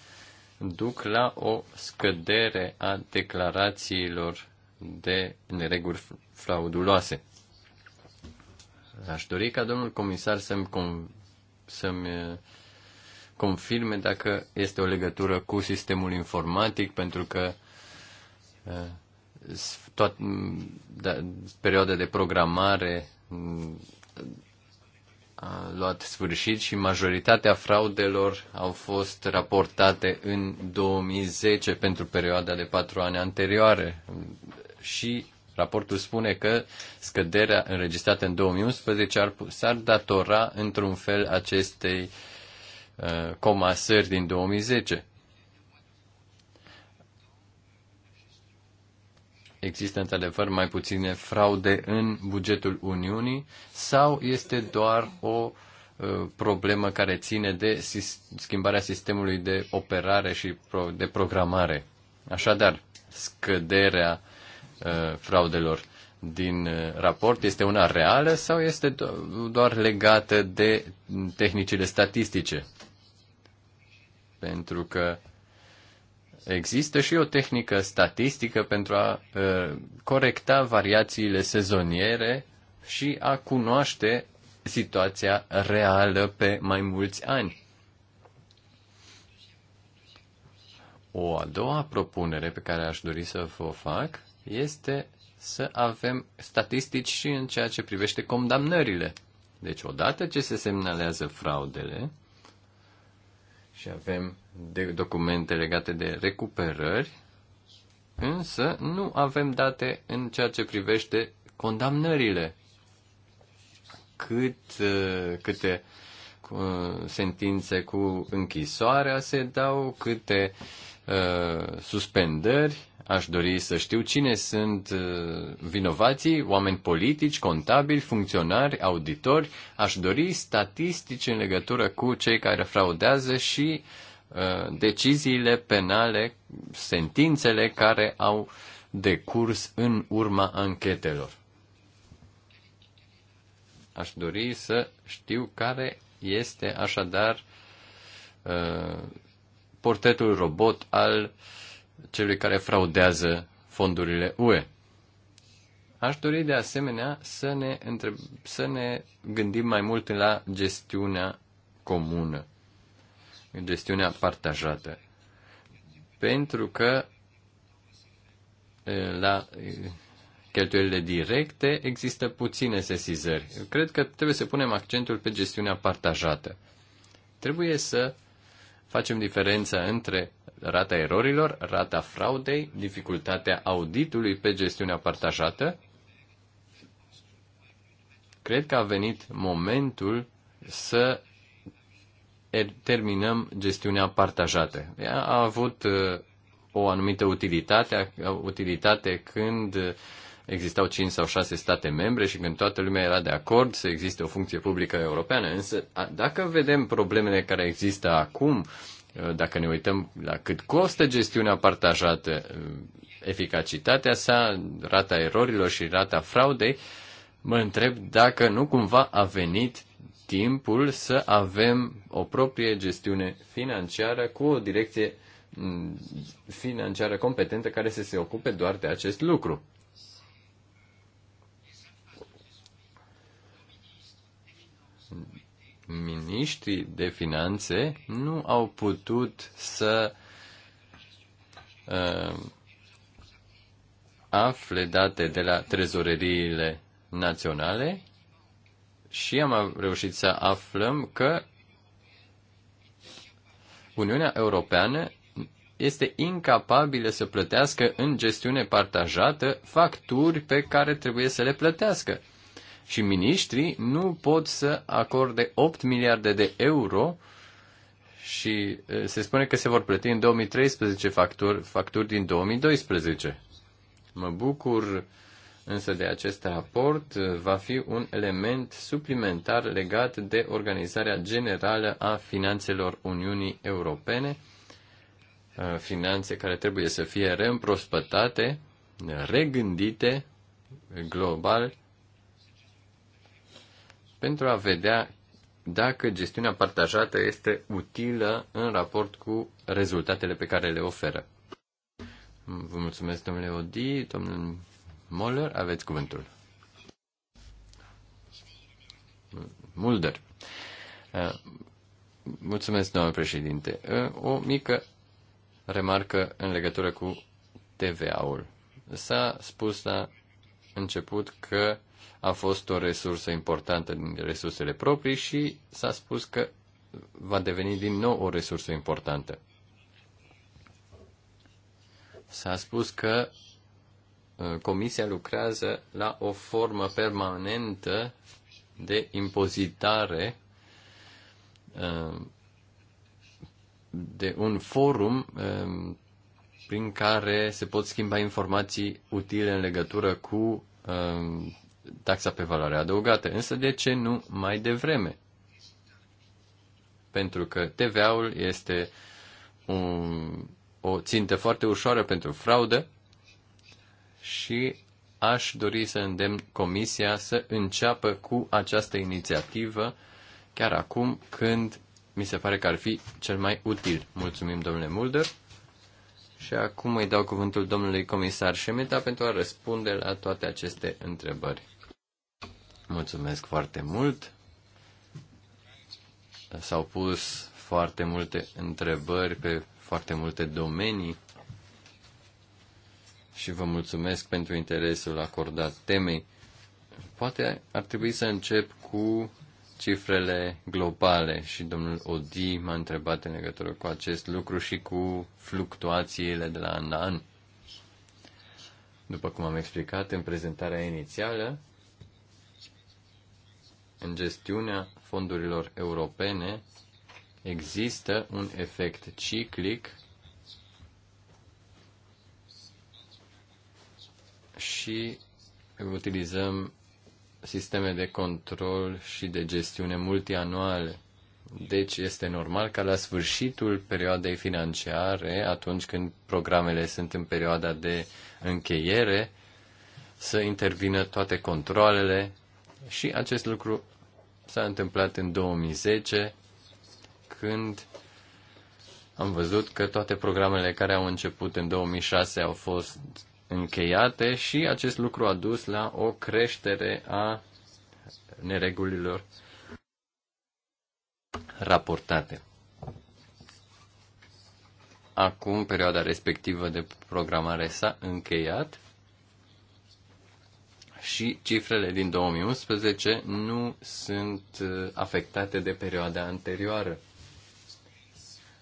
duc la o scădere a declarațiilor de nereguri frauduloase. Aș dori ca domnul comisar să-mi, com- să-mi uh, confirme dacă este o legătură cu sistemul informatic, pentru că uh, toat, mm, da, perioada de programare mm, a luat sfârșit și majoritatea fraudelor au fost raportate în 2010 pentru perioada de patru ani anterioare și raportul spune că scăderea înregistrată în 2011 ar, s-ar datora într-un fel acestei uh, comasări din 2010. există într-adevăr mai puține fraude în bugetul Uniunii sau este doar o uh, problemă care ține de schimbarea sistemului de operare și de programare. Așadar, scăderea uh, fraudelor din uh, raport este una reală sau este doar legată de mm, tehnicile statistice? Pentru că Există și o tehnică statistică pentru a uh, corecta variațiile sezoniere și a cunoaște situația reală pe mai mulți ani. O a doua propunere pe care aș dori să vă o fac este să avem statistici și în ceea ce privește condamnările. Deci, odată ce se semnalează fraudele, și avem de documente legate de recuperări, însă nu avem date în ceea ce privește condamnările. Cât, uh, câte uh, sentințe cu închisoarea se dau, câte uh, suspendări Aș dori să știu cine sunt uh, vinovații, oameni politici, contabili, funcționari, auditori. Aș dori statistici în legătură cu cei care fraudează și uh, deciziile penale, sentințele care au decurs în urma anchetelor. Aș dori să știu care este așadar uh, portretul robot al uh, celui care fraudează fondurile UE. Aș dori de asemenea să ne, între... să ne gândim mai mult la gestiunea comună, gestiunea partajată. Pentru că la cheltuielile directe există puține sesizări. Eu cred că trebuie să punem accentul pe gestiunea partajată. Trebuie să facem diferența între rata erorilor, rata fraudei, dificultatea auditului pe gestiunea partajată. Cred că a venit momentul să er- terminăm gestiunea partajată. Ea a avut uh, o anumită utilitate, utilitate când existau 5 sau 6 state membre și când toată lumea era de acord să existe o funcție publică europeană. Însă, dacă vedem problemele care există acum, Uh, dacă ne uităm la cât costă gestiunea partajată, uh, eficacitatea sa, rata erorilor și rata fraudei, mă întreb dacă nu cumva a venit timpul să avem o proprie gestiune financiară cu o direcție mm, financiară competentă care să se ocupe doar de acest lucru. miniștrii de finanțe nu au putut să uh, afle date de la trezoreriile naționale și am reușit să aflăm că Uniunea Europeană este incapabilă să plătească în gestiune partajată facturi pe care trebuie să le plătească și miniștrii nu pot să acorde 8 miliarde de euro și se spune că se vor plăti în 2013 facturi, facturi din 2012. Mă bucur însă de acest raport va fi un element suplimentar legat de organizarea generală a finanțelor Uniunii Europene, finanțe care trebuie să fie reîmprospătate, regândite global pentru a vedea dacă gestiunea partajată este utilă în raport cu rezultatele pe care le oferă. Vă mulțumesc, domnule Odi, domnul Moller, aveți cuvântul. Mulder. Uh, mulțumesc, domnule președinte. Uh, o mică remarcă în legătură cu TVA-ul. S-a spus la început că a fost o resursă importantă din resursele proprii și s-a spus că va deveni din nou o resursă importantă. S-a spus că uh, Comisia lucrează la o formă permanentă de impozitare uh, de un forum uh, prin care se pot schimba informații utile în legătură cu taxa pe valoare adăugată. Însă de ce nu mai devreme? Pentru că TVA-ul este un, o țintă foarte ușoară pentru fraudă și aș dori să îndemn Comisia să înceapă cu această inițiativă chiar acum când mi se pare că ar fi cel mai util. Mulțumim, domnule Mulder. Și acum îi dau cuvântul domnului comisar Șemeta pentru a răspunde la toate aceste întrebări. Mulțumesc foarte mult. S-au pus foarte multe întrebări pe foarte multe domenii și vă mulțumesc pentru interesul acordat temei. Poate ar trebui să încep cu cifrele globale și domnul Odi m-a întrebat în legătură cu acest lucru și cu fluctuațiile de la an la an. După cum am explicat în prezentarea inițială, în gestiunea fondurilor europene există un efect ciclic și utilizăm sisteme de control și de gestiune multianuale. Deci este normal ca la sfârșitul perioadei financiare, atunci când programele sunt în perioada de încheiere, să intervină toate controlele și acest lucru s-a întâmplat în 2010, când am văzut că toate programele care au început în 2006 au fost încheiate și acest lucru a dus la o creștere a neregulilor raportate. Acum perioada respectivă de programare s-a încheiat și cifrele din 2011 nu sunt uh, afectate de perioada anterioară.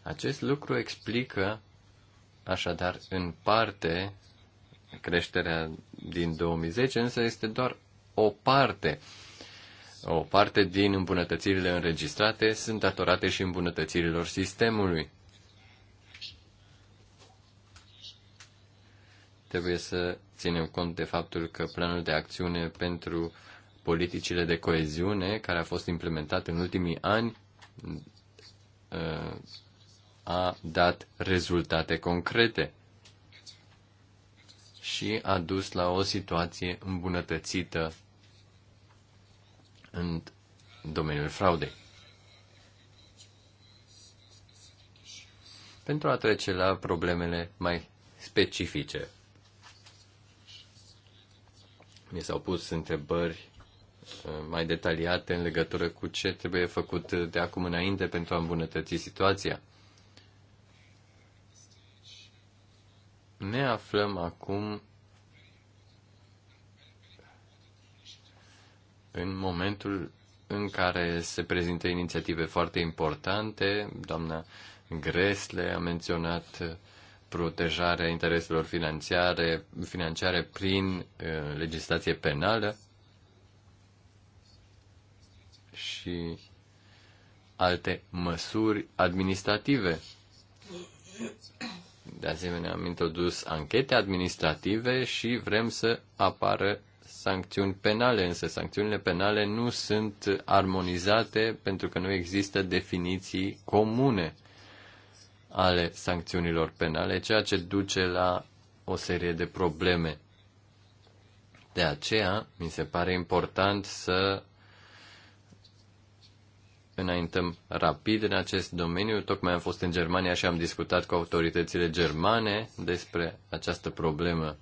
Acest lucru explică, așadar, în parte, creșterea din 2010, însă este doar o parte. O parte din îmbunătățirile înregistrate sunt datorate și îmbunătățirilor sistemului. Trebuie să ținem cont de faptul că planul de acțiune pentru politicile de coeziune, care a fost implementat în ultimii ani, uh, a dat rezultate concrete și a dus la o situație îmbunătățită în domeniul fraudei. Pentru a trece la problemele mai specifice mi s-au pus întrebări uh, mai detaliate în legătură cu ce trebuie făcut uh, de acum înainte pentru a îmbunătăți situația. Ne aflăm acum în momentul în care se prezintă inițiative foarte importante. Doamna Gresle a menționat uh, protejarea intereselor financiare, financiare prin uh, legislație penală și alte măsuri administrative. De asemenea, am introdus anchete administrative și vrem să apară sancțiuni penale, însă sancțiunile penale nu sunt armonizate pentru că nu există definiții comune ale sancțiunilor penale, ceea ce duce la o serie de probleme. De aceea, mi se pare important să înaintăm rapid în acest domeniu. Tocmai am fost în Germania și am discutat cu autoritățile germane despre această problemă.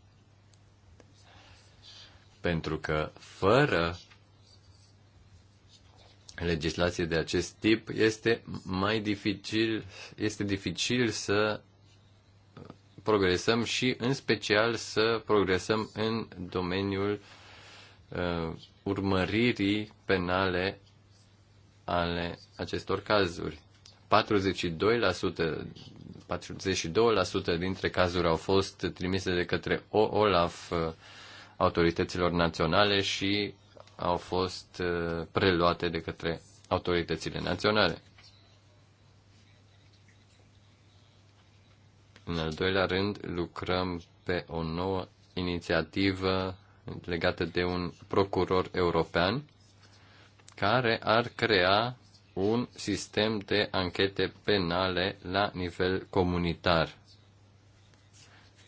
Pentru că, fără legislație de acest tip, este mai dificil, este dificil să progresăm și în special să progresăm în domeniul uh, urmăririi penale ale acestor cazuri. 42%, 42% dintre cazuri au fost trimise de către OLAF uh, autorităților naționale și au fost uh, preluate de către autoritățile naționale. În al doilea rând, lucrăm pe o nouă inițiativă legată de un procuror european care ar crea un sistem de anchete penale la nivel comunitar.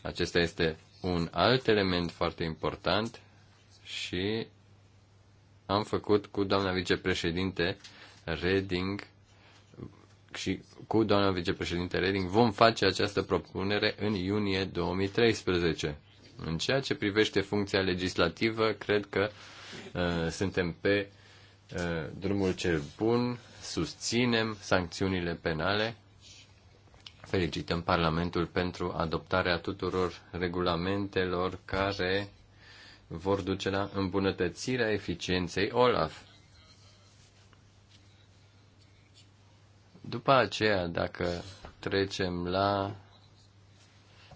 Acesta este un alt element foarte important și am făcut cu doamna vicepreședinte Reding și cu doamna vicepreședinte Reding vom face această propunere în iunie 2013. În ceea ce privește funcția legislativă, cred că uh, suntem pe uh, drumul cel bun, susținem sancțiunile penale, felicităm Parlamentul pentru adoptarea tuturor regulamentelor care vor duce la îmbunătățirea eficienței OLAF. După aceea, dacă trecem la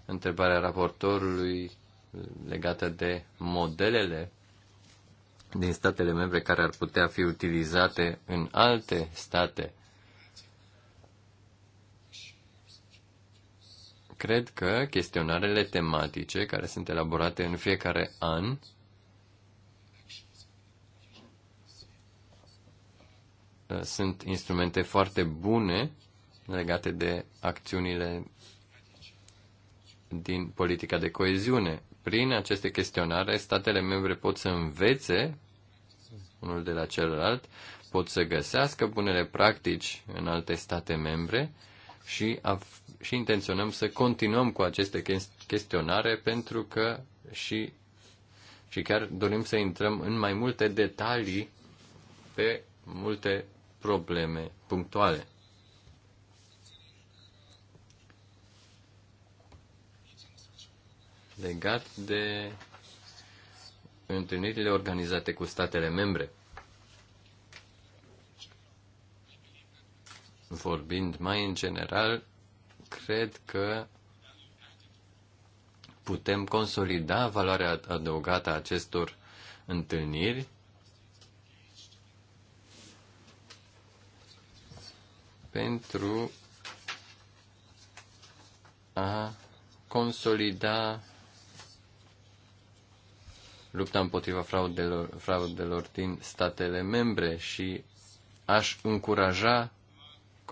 întrebarea raportorului legată de modelele din statele membre care ar putea fi utilizate în alte state cred că chestionarele tematice care sunt elaborate în fiecare an sunt instrumente foarte bune legate de acțiunile din politica de coeziune. Prin aceste chestionare, statele membre pot să învețe unul de la celălalt, pot să găsească bunele practici în alte state membre și și intenționăm să continuăm cu aceste chestionare pentru că și, și chiar dorim să intrăm în mai multe detalii pe multe probleme punctuale. Legat de întâlnirile organizate cu statele membre. Vorbind mai în general, cred că putem consolida valoarea adăugată a acestor întâlniri. pentru a consolida lupta împotriva fraudelor, fraudelor din statele membre și aș încuraja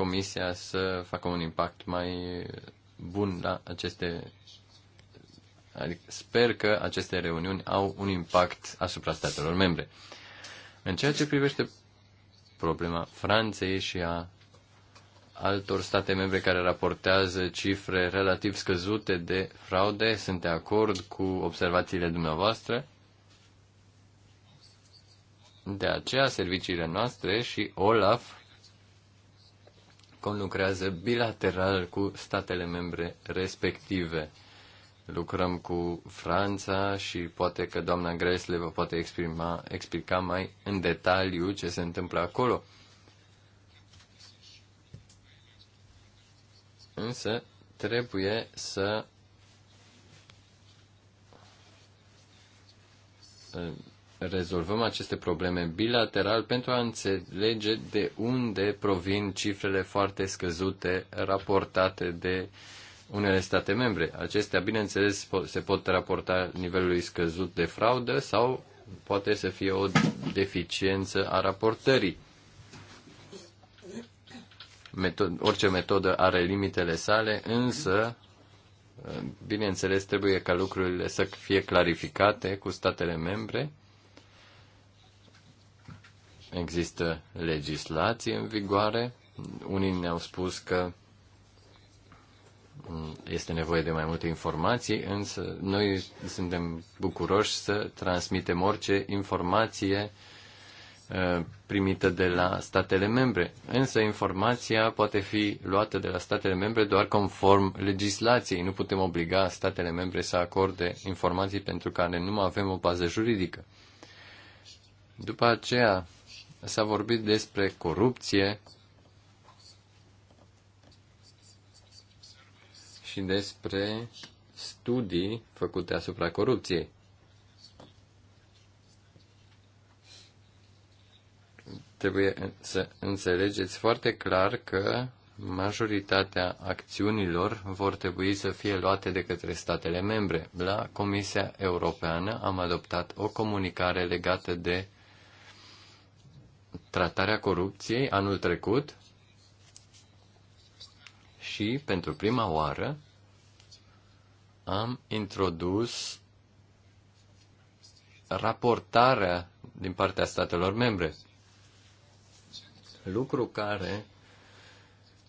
Comisia să facă un impact mai bun la aceste. Adică sper că aceste reuniuni au un impact asupra statelor membre. În ceea ce privește problema Franței și a altor state membre care raportează cifre relativ scăzute de fraude, sunt de acord cu observațiile dumneavoastră. De aceea, serviciile noastre și OLAF conlucrează bilateral cu statele membre respective. Lucrăm cu Franța și poate că doamna le vă poate exprima, explica mai în detaliu ce se întâmplă acolo. Însă trebuie să rezolvăm aceste probleme bilateral pentru a înțelege de unde provin cifrele foarte scăzute raportate de unele state membre. Acestea, bineînțeles, se pot raporta nivelului scăzut de fraudă sau poate să fie o deficiență a raportării. Metod, orice metodă are limitele sale, însă, bineînțeles, trebuie ca lucrurile să fie clarificate cu statele membre Există legislație în vigoare. Unii ne-au spus că este nevoie de mai multe informații, însă noi suntem bucuroși să transmitem orice informație uh, primită de la statele membre. Însă informația poate fi luată de la statele membre doar conform legislației. Nu putem obliga statele membre să acorde informații pentru care nu avem o bază juridică. După aceea, S-a vorbit despre corupție și despre studii făcute asupra corupției. Trebuie să înțelegeți foarte clar că majoritatea acțiunilor vor trebui să fie luate de către statele membre. La Comisia Europeană am adoptat o comunicare legată de tratarea corupției anul trecut și, pentru prima oară, am introdus raportarea din partea statelor membre. Lucru care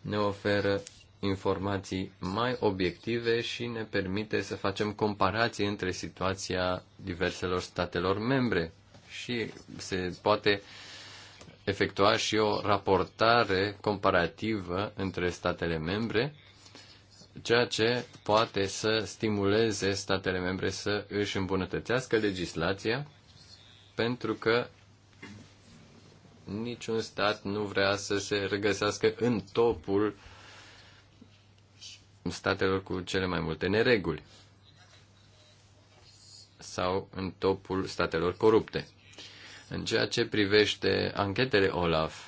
ne oferă informații mai obiective și ne permite să facem comparații între situația diverselor statelor membre și se poate uh, efectua și o raportare comparativă între statele membre, ceea ce poate să stimuleze statele membre să își îmbunătățească legislația, pentru că niciun stat nu vrea să se regăsească în topul statelor cu cele mai multe nereguli sau în topul statelor corupte. În ceea ce privește anchetele OLAF,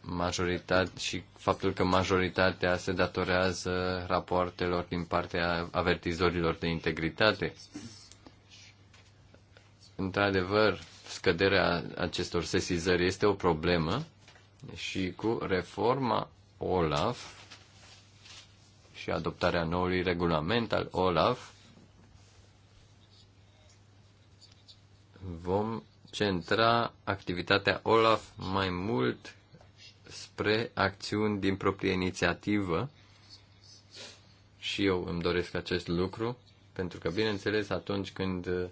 majoritate și faptul că majoritatea se datorează rapoartelor din partea avertizorilor de integritate. Într-adevăr, scăderea acestor sesizări este o problemă și cu reforma OLAF și adoptarea noului regulament al OLAF vom centra activitatea OLAF mai mult spre acțiuni din proprie inițiativă și eu îmi doresc acest lucru, pentru că, bineînțeles, atunci când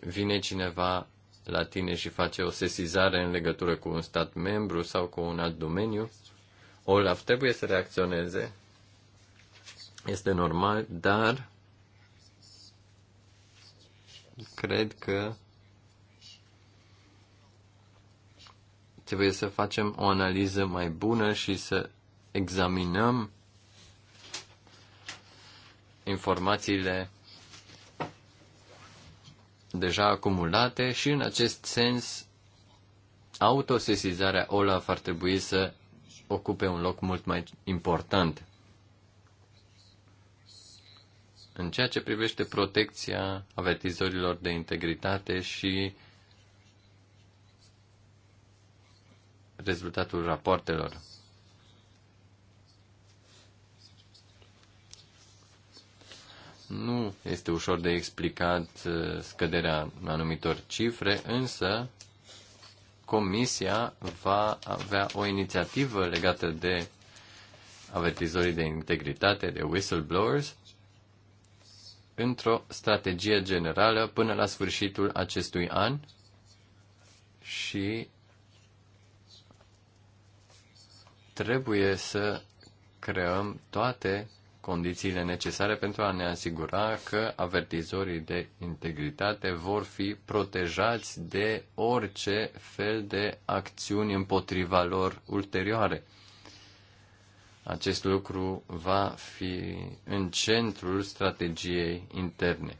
vine cineva la tine și face o sesizare în legătură cu un stat membru sau cu un alt domeniu, Olaf trebuie să reacționeze. Este normal, dar cred că trebuie să facem o analiză mai bună și să examinăm informațiile deja acumulate și în acest sens autosesizarea OLAF ar trebui să ocupe un loc mult mai important. în ceea ce privește protecția avertizorilor de integritate și rezultatul rapoartelor. Nu este ușor de explicat uh, scăderea anumitor cifre, însă Comisia va avea o inițiativă legată de avertizorii de integritate, de whistleblowers, într-o strategie generală până la sfârșitul acestui an și trebuie să creăm toate condițiile necesare pentru a ne asigura că avertizorii de integritate vor fi protejați de orice fel de acțiuni împotriva lor ulterioare acest lucru va fi în centrul strategiei interne.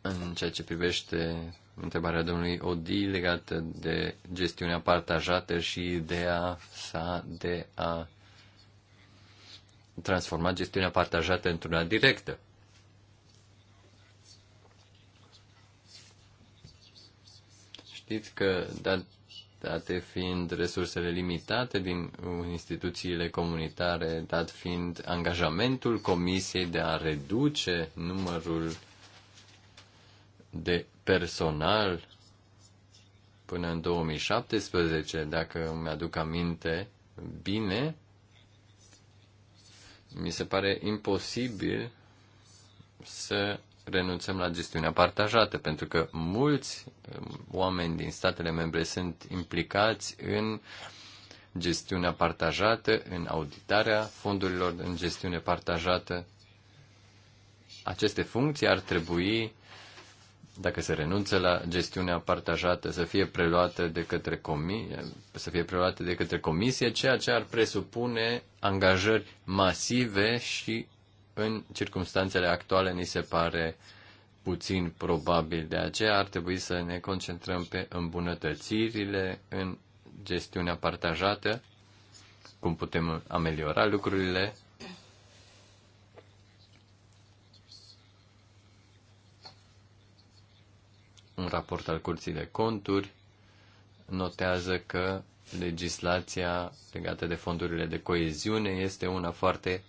În ceea ce privește întrebarea domnului Odi legată de gestiunea partajată și ideea sa de a transforma gestiunea partajată într-una directă. știți că, date fiind resursele limitate din instituțiile comunitare, dat fiind angajamentul Comisiei de a reduce numărul de personal până în 2017, dacă îmi aduc aminte bine, mi se pare imposibil să renunțăm la gestiunea partajată, pentru că mulți um, oameni din statele membre sunt implicați în gestiunea partajată, în auditarea fondurilor în gestiune partajată. Aceste funcții ar trebui, dacă se renunță la gestiunea partajată, să fie preluate de către comi, să fie preluate de către comisie, ceea ce ar presupune angajări masive și în circumstanțele actuale ni se pare puțin probabil. De aceea ar trebui să ne concentrăm pe îmbunătățirile în gestiunea partajată, cum putem ameliora lucrurile. Un raport al Curții de Conturi notează că legislația legată de fondurile de coeziune este una foarte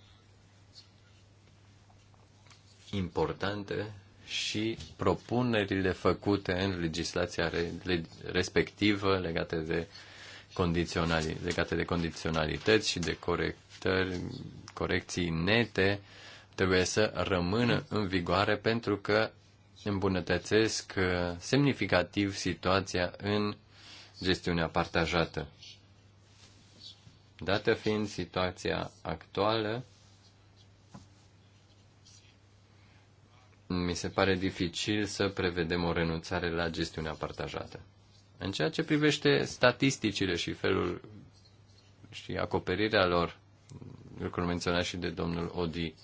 importante și propunerile făcute în legislația respectivă legate de, condiționali, legate de condiționalități și de corectări, corecții nete trebuie să rămână în vigoare pentru că îmbunătățesc uh, semnificativ situația în gestiunea partajată. Dată fiind situația actuală, mi se pare dificil să prevedem o renunțare la gestiunea partajată. În ceea ce privește statisticile și felul și acoperirea lor, lucrul menționat și de domnul Odi,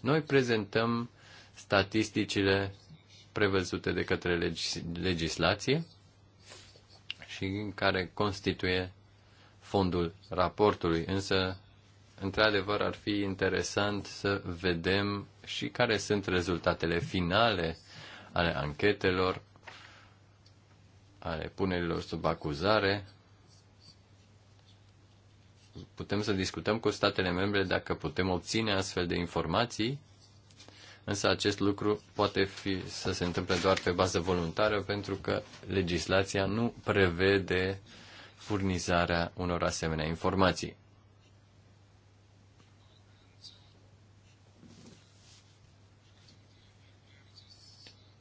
noi prezentăm statisticile prevăzute de către legis- legislație și care constituie fondul raportului, însă într-adevăr, ar fi interesant să vedem și care sunt rezultatele finale ale anchetelor, ale punerilor sub acuzare. Putem să discutăm cu statele membre dacă putem obține astfel de informații, însă acest lucru poate fi să se întâmple doar pe bază voluntară, pentru că legislația nu prevede furnizarea unor asemenea informații.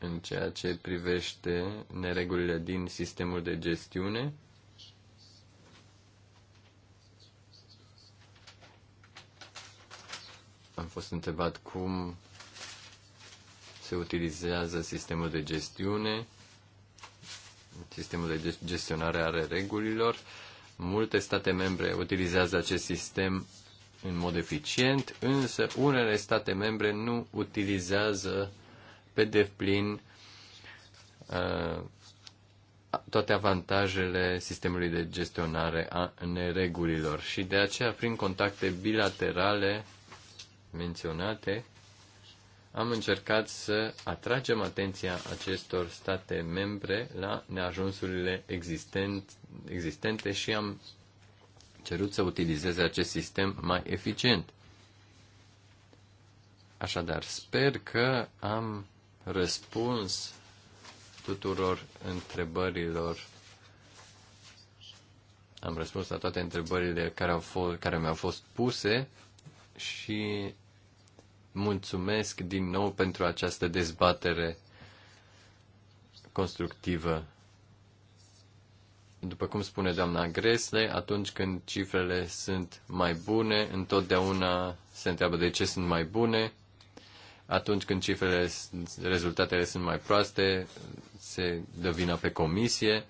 în ceea ce privește neregulile din sistemul de gestiune. Am fost întrebat cum se utilizează sistemul de gestiune. Sistemul de gestionare are regulilor. Multe state membre utilizează acest sistem în mod eficient, însă unele state membre nu utilizează pe deplin uh, toate avantajele sistemului de gestionare a neregulilor și de aceea prin contacte bilaterale menționate am încercat să atragem atenția acestor state membre la neajunsurile existent, existente și am cerut să utilizeze acest sistem mai eficient. Așadar, sper că am răspuns tuturor întrebărilor. Am răspuns la toate întrebările care, au fost, care mi-au fost puse și mulțumesc din nou pentru această dezbatere constructivă. După cum spune doamna Gresle, atunci când cifrele sunt mai bune, întotdeauna se întreabă de ce sunt mai bune atunci când cifrele, rezultatele sunt mai proaste, se dă vina pe comisie.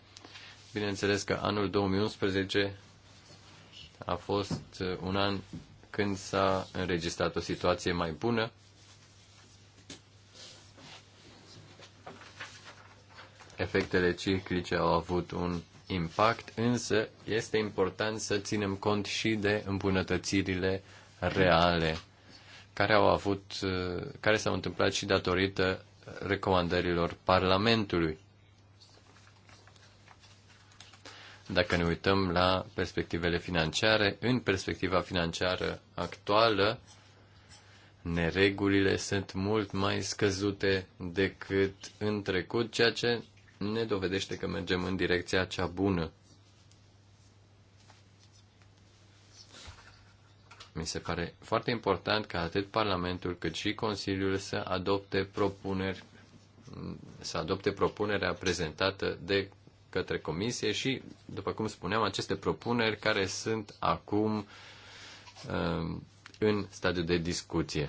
Bineînțeles că anul 2011 a fost un an când s-a înregistrat o situație mai bună. Efectele ciclice au avut un impact, însă este important să ținem cont și de îmbunătățirile reale care au avut, uh, care s-au întâmplat și datorită recomandărilor Parlamentului. Dacă ne uităm la perspectivele financiare, în perspectiva financiară actuală, neregulile sunt mult mai scăzute decât în trecut, ceea ce ne dovedește că mergem în direcția cea bună. Mi se pare foarte important ca atât Parlamentul cât și Consiliul să adopte propuneri să adopte propunerea prezentată de către comisie și, după cum spuneam, aceste propuneri care sunt acum um, în stadiu de discuție.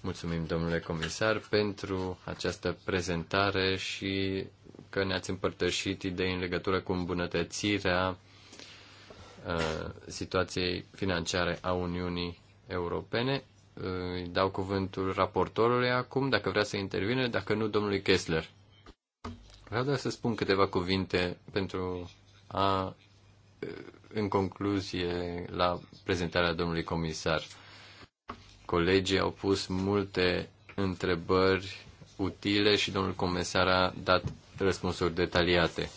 Mulțumim, domnule comisar, pentru această prezentare și că ne-ați împărtășit idei în legătură cu îmbunătățirea Uh, situației financiare a Uniunii Europene. Uh, îi dau cuvântul raportorului acum, dacă vrea să intervine, dacă nu, domnului Kessler. Vreau doar să spun câteva cuvinte pentru a, uh, în concluzie la prezentarea domnului comisar. Colegii au pus multe întrebări utile și domnul comisar a dat răspunsuri detaliate.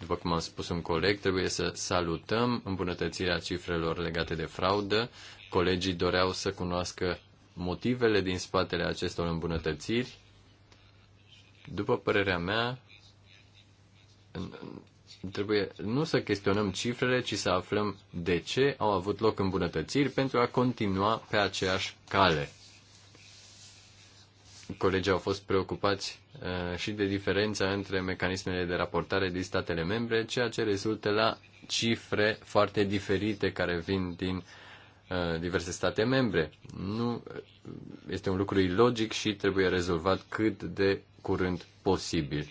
După cum am spus un coleg, trebuie să salutăm îmbunătățirea cifrelor legate de fraudă. Colegii doreau să cunoască motivele din spatele acestor îmbunătățiri. După părerea mea, trebuie nu să chestionăm cifrele, ci să aflăm de ce au avut loc îmbunătățiri pentru a continua pe aceeași cale. Colegii au fost preocupați uh, și de diferența între mecanismele de raportare din statele membre, ceea ce rezultă la cifre foarte diferite care vin din uh, diverse state membre. Nu uh, este un lucru ilogic și trebuie rezolvat cât de curând posibil.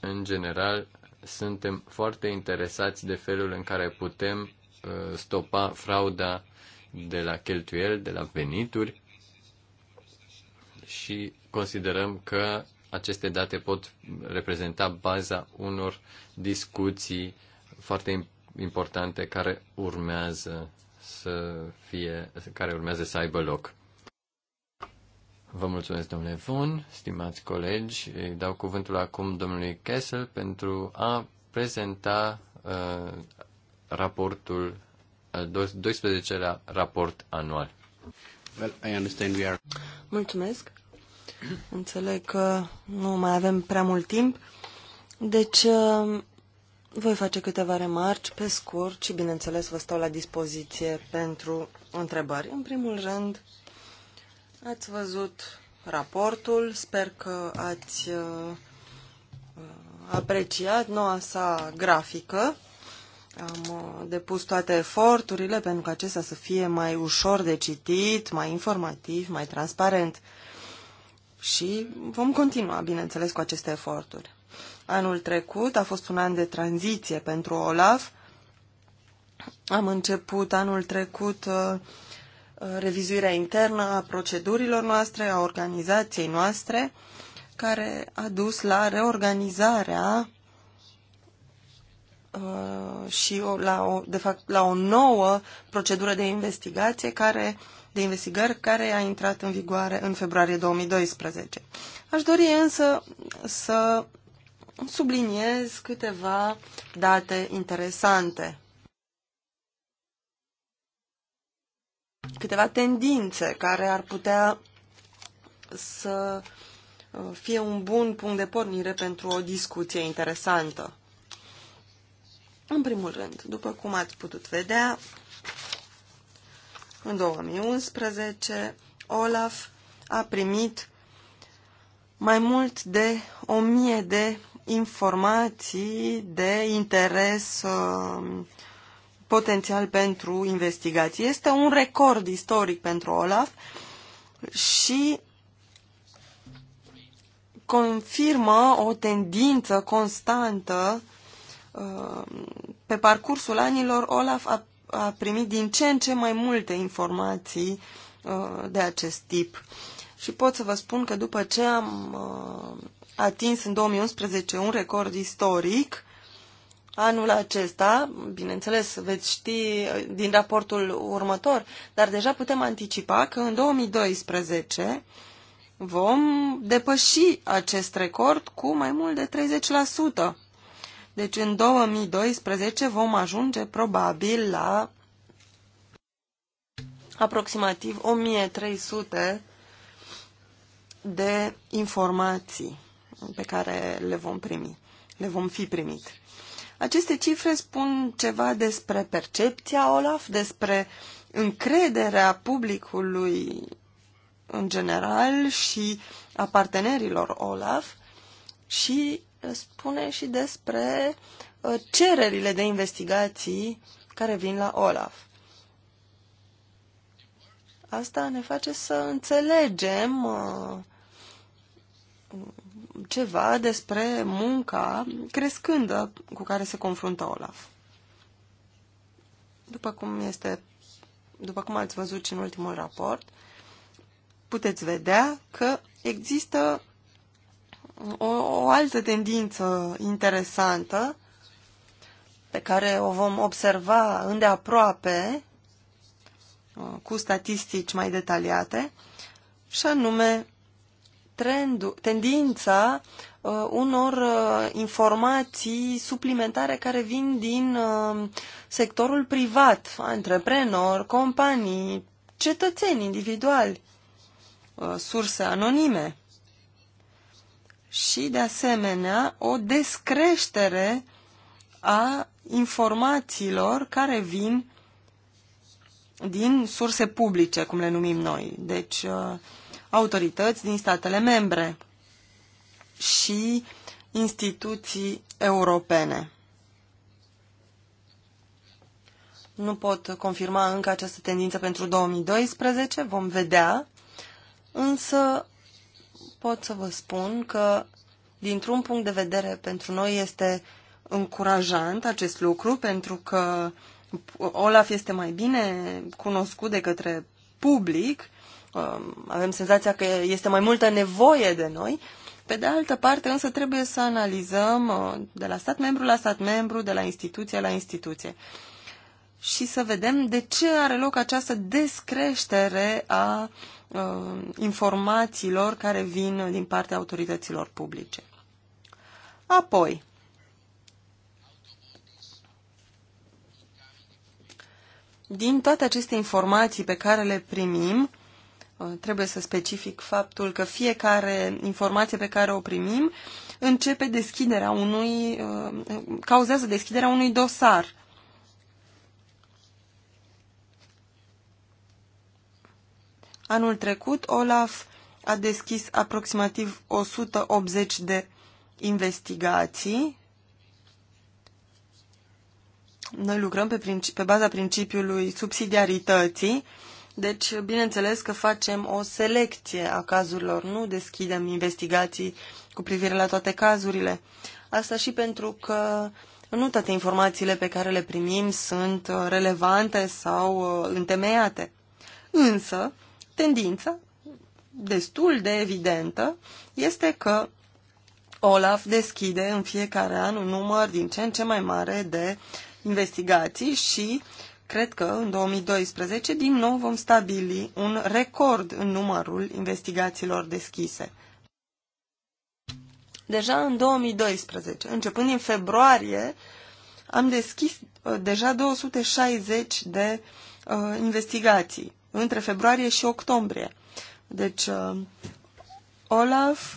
În general, suntem foarte interesați de felul în care putem stopa frauda de la cheltuieli, de la venituri și considerăm că aceste date pot reprezenta baza unor discuții foarte importante care urmează să fie, care urmează să aibă loc. Vă mulțumesc, domnule Von, stimați colegi. Îi dau cuvântul acum domnului Kessel pentru a prezenta uh, raportul, al uh, 12-lea raport anual. Well, I understand we are... Mulțumesc. Înțeleg că nu mai avem prea mult timp, deci uh, voi face câteva remarci pe scurt și, bineînțeles, vă stau la dispoziție pentru întrebări. În primul rând, ați văzut raportul, sper că ați uh, uh, apreciat noua sa grafică. Am depus toate eforturile pentru ca acesta să fie mai ușor de citit, mai informativ, mai transparent. Și vom continua, bineînțeles, cu aceste eforturi. Anul trecut a fost un an de tranziție pentru OLAF. Am început anul trecut uh, uh, revizuirea internă a procedurilor noastre, a organizației noastre, care a dus la reorganizarea uh, și la o, de fapt la o nouă procedură de investigație care de investigări care a intrat în vigoare în februarie 2012. Aș dori însă să subliniez câteva date interesante. Câteva tendințe care ar putea să uh, fie un bun punct de pornire pentru o discuție interesantă. În primul rând, după cum ați putut vedea, în 2011, Olaf a primit mai mult de o mie de informații de interes uh, potențial pentru investigații. Este un record istoric pentru Olaf și confirmă o tendință constantă. Uh, pe parcursul anilor, Olaf a a primit din ce în ce mai multe informații uh, de acest tip. Și pot să vă spun că după ce am uh, atins în 2011 un record istoric, anul acesta, bineînțeles, veți ști uh, din raportul următor, dar deja putem anticipa că în 2012 vom depăși acest record cu mai mult de deci în 2012 vom ajunge probabil la aproximativ 1300 de informații pe care le vom primi, le vom fi primit. Aceste cifre spun ceva despre percepția Olaf, despre încrederea publicului în general și a partenerilor Olaf și spune și despre uh, cererile de investigații care vin la Olaf. Asta ne face să înțelegem uh, ceva despre munca crescândă cu care se confruntă Olaf. După cum este, după cum ați văzut și în ultimul raport, puteți vedea că există o, o altă tendință interesantă pe care o vom observa îndeaproape uh, cu statistici mai detaliate, și anume trendul, tendința uh, unor uh, informații suplimentare care vin din uh, sectorul privat, antreprenori, companii, cetățeni individuali, uh, surse anonime și, de asemenea, o descreștere a informațiilor care vin din surse publice, cum le numim noi, deci uh, autorități din statele membre și instituții europene. Nu pot confirma încă această tendință pentru 2012, vom vedea, însă pot să vă spun că, dintr-un punct de vedere, pentru noi este încurajant acest lucru, pentru că Olaf este mai bine cunoscut de către public, um, avem senzația că este mai multă nevoie de noi. Pe de altă parte, însă, trebuie să analizăm uh, de la stat membru la stat membru, de la instituție la instituție și să vedem de ce are loc această descreștere a uh, informațiilor care vin din partea autorităților publice. Apoi, din toate aceste informații pe care le primim, trebuie să specific faptul că fiecare informație pe care o primim începe deschiderea unui, cauzează deschiderea unui dosar. Anul trecut, Olaf a deschis aproximativ 180 de investigații. Noi lucrăm pe, principi, pe baza principiului subsidiarității, deci bineînțeles că facem o selecție a cazurilor, nu deschidem investigații cu privire la toate cazurile. Asta și pentru că nu toate informațiile pe care le primim sunt uh, relevante sau uh, întemeiate. Însă, Tendința destul de evidentă este că Olaf deschide în fiecare an un număr din ce în ce mai mare de investigații și cred că în 2012 din nou vom stabili un record în numărul investigațiilor deschise. Deja în 2012, începând din februarie, am deschis uh, deja 260 de uh, investigații între februarie și octombrie. Deci, uh, Olaf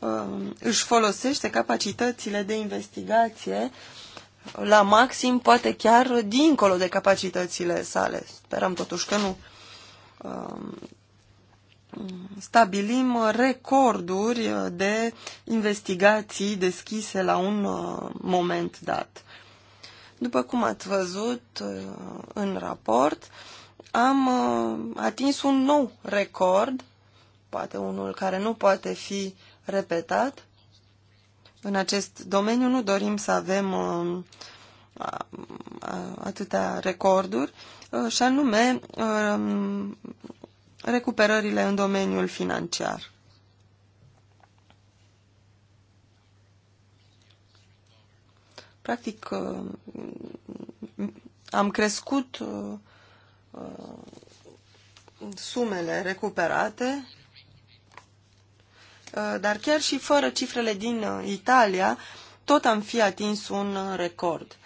uh, își folosește capacitățile de investigație la maxim, poate chiar dincolo de capacitățile sale. Sperăm totuși că nu. Uh, stabilim recorduri de investigații deschise la un moment dat. După cum ați văzut în raport, am uh, atins un nou record, poate unul care nu poate fi repetat. În acest domeniu nu dorim să avem uh, atâtea recorduri, uh, și anume uh, recuperările în domeniul financiar. Practic, uh, am crescut uh, Uh, sumele recuperate, uh, dar chiar și fără cifrele din uh, Italia, tot am fi atins un record.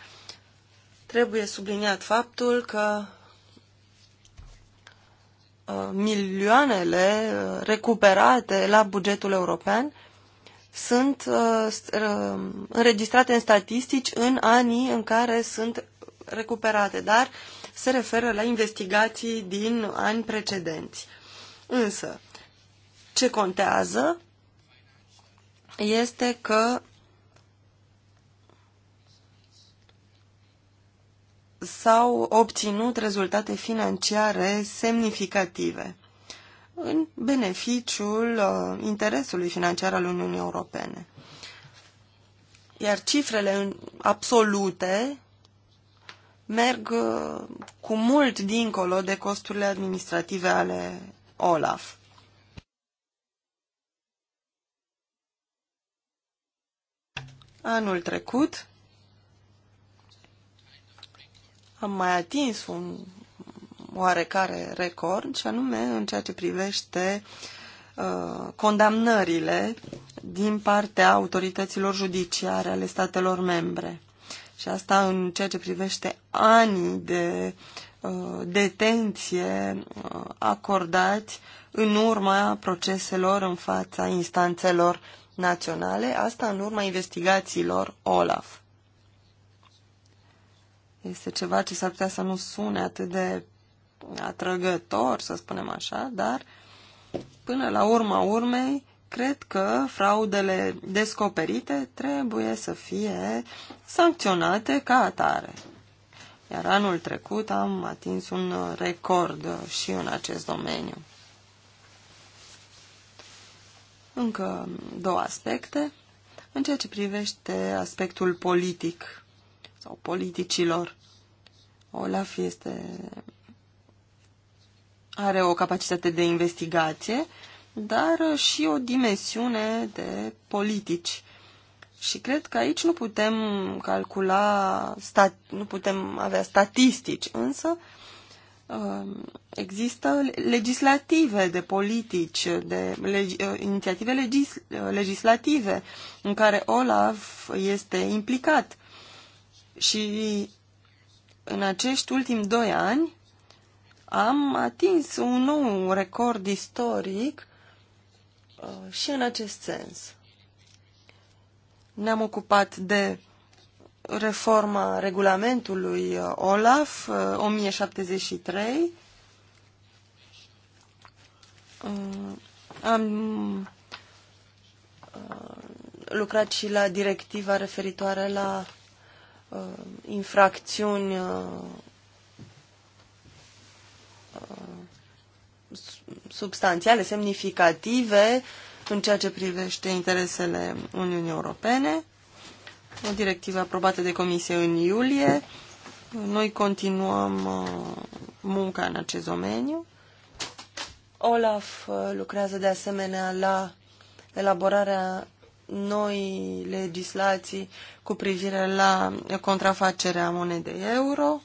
Trebuie subliniat faptul că milioanele recuperate la bugetul european sunt înregistrate în statistici în anii în care sunt recuperate, dar se referă la investigații din ani precedenți. Însă, ce contează este că s-au obținut rezultate financiare semnificative în beneficiul uh, interesului financiar al Uniunii Europene. Iar cifrele absolute merg uh, cu mult dincolo de costurile administrative ale OLAF. Anul trecut am mai atins un oarecare record și anume în ceea ce privește uh, condamnările din partea autorităților judiciare ale statelor membre și asta în ceea ce privește anii de uh, detenție uh, acordați în urma proceselor în fața instanțelor naționale, asta în urma investigațiilor OLAF. Este ceva ce s-ar putea să nu sune atât de atrăgător, să spunem așa, dar până la urma urmei cred că fraudele descoperite trebuie să fie sancționate ca atare. Iar anul trecut am atins un record și în acest domeniu. Încă două aspecte. În ceea ce privește aspectul politic sau politicilor, Olaf este, are o capacitate de investigație dar și o dimensiune de politici. Și cred că aici nu putem calcula, stat, nu putem avea statistici, însă um, există legislative de politici, de legi, uh, inițiative legis, uh, legislative în care Olaf este implicat. Și în acești ultimi doi ani am atins un nou record istoric Uh, și în acest sens. Ne-am ocupat de reforma regulamentului uh, OLAF 1073. Uh, am lucrat și la directiva referitoare la infracțiuni substanțiale, semnificative în ceea ce privește interesele Uniunii Europene. O directivă aprobată de Comisie în iulie. Noi continuăm uh, munca în acest domeniu. Olaf uh, lucrează de asemenea la elaborarea noi legislații cu privire la contrafacerea monedei euro.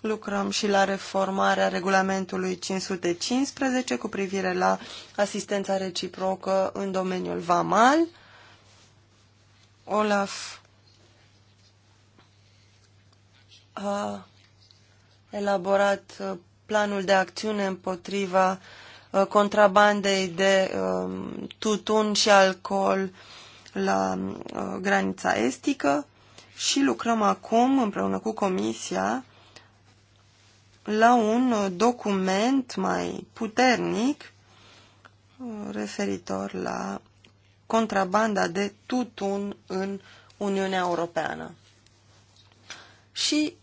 Lucrăm și la reformarea regulamentului 515 cu privire la asistența reciprocă în domeniul VAMAL. Olaf a elaborat uh, planul de acțiune împotriva uh, contrabandei de um, tutun și alcool la uh, granița estică și lucrăm acum împreună cu Comisia la un uh, document mai puternic uh, referitor la contrabanda de tutun în Uniunea Europeană. Și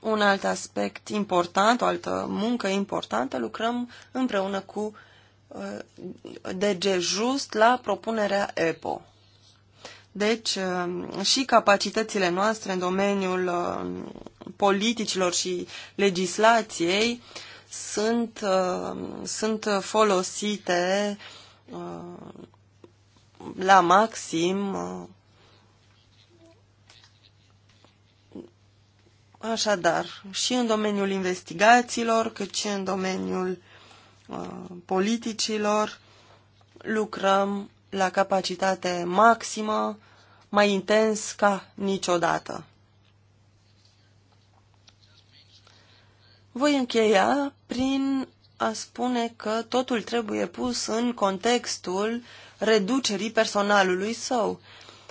un alt aspect important, o altă muncă importantă, lucrăm împreună cu uh, DG Just la propunerea EPO. Deci, uh, și capacitățile noastre în domeniul uh, politicilor și legislației sunt, uh, sunt folosite la maxim. Așadar, și în domeniul investigațiilor, cât și în domeniul politicilor, lucrăm la capacitate maximă, mai intens ca niciodată. Voi încheia prin a spune că totul trebuie pus în contextul reducerii personalului său.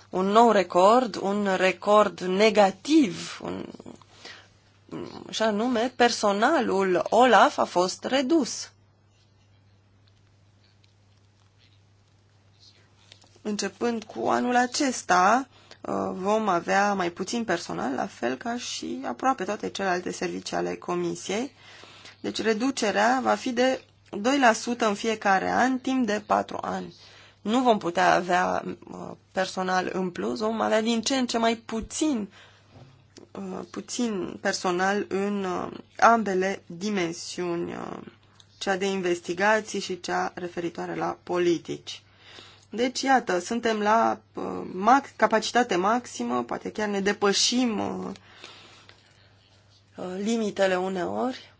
Un nou record, un record negativ, un... și anume personalul Olaf a fost redus. începând cu anul acesta uh, vom avea mai puțin personal, la fel ca și aproape toate celelalte servicii ale comisiei. Deci reducerea va fi de 2% în fiecare an, timp de 4 ani. Nu vom putea avea uh, personal în plus, vom avea din ce în ce mai puțin, uh, puțin personal în ambele dimensiuni, cea de investigații și cea referitoare la politici. Deci, iată, suntem la uh, max, capacitate maximă, poate chiar ne depășim uh, uh, limitele uneori,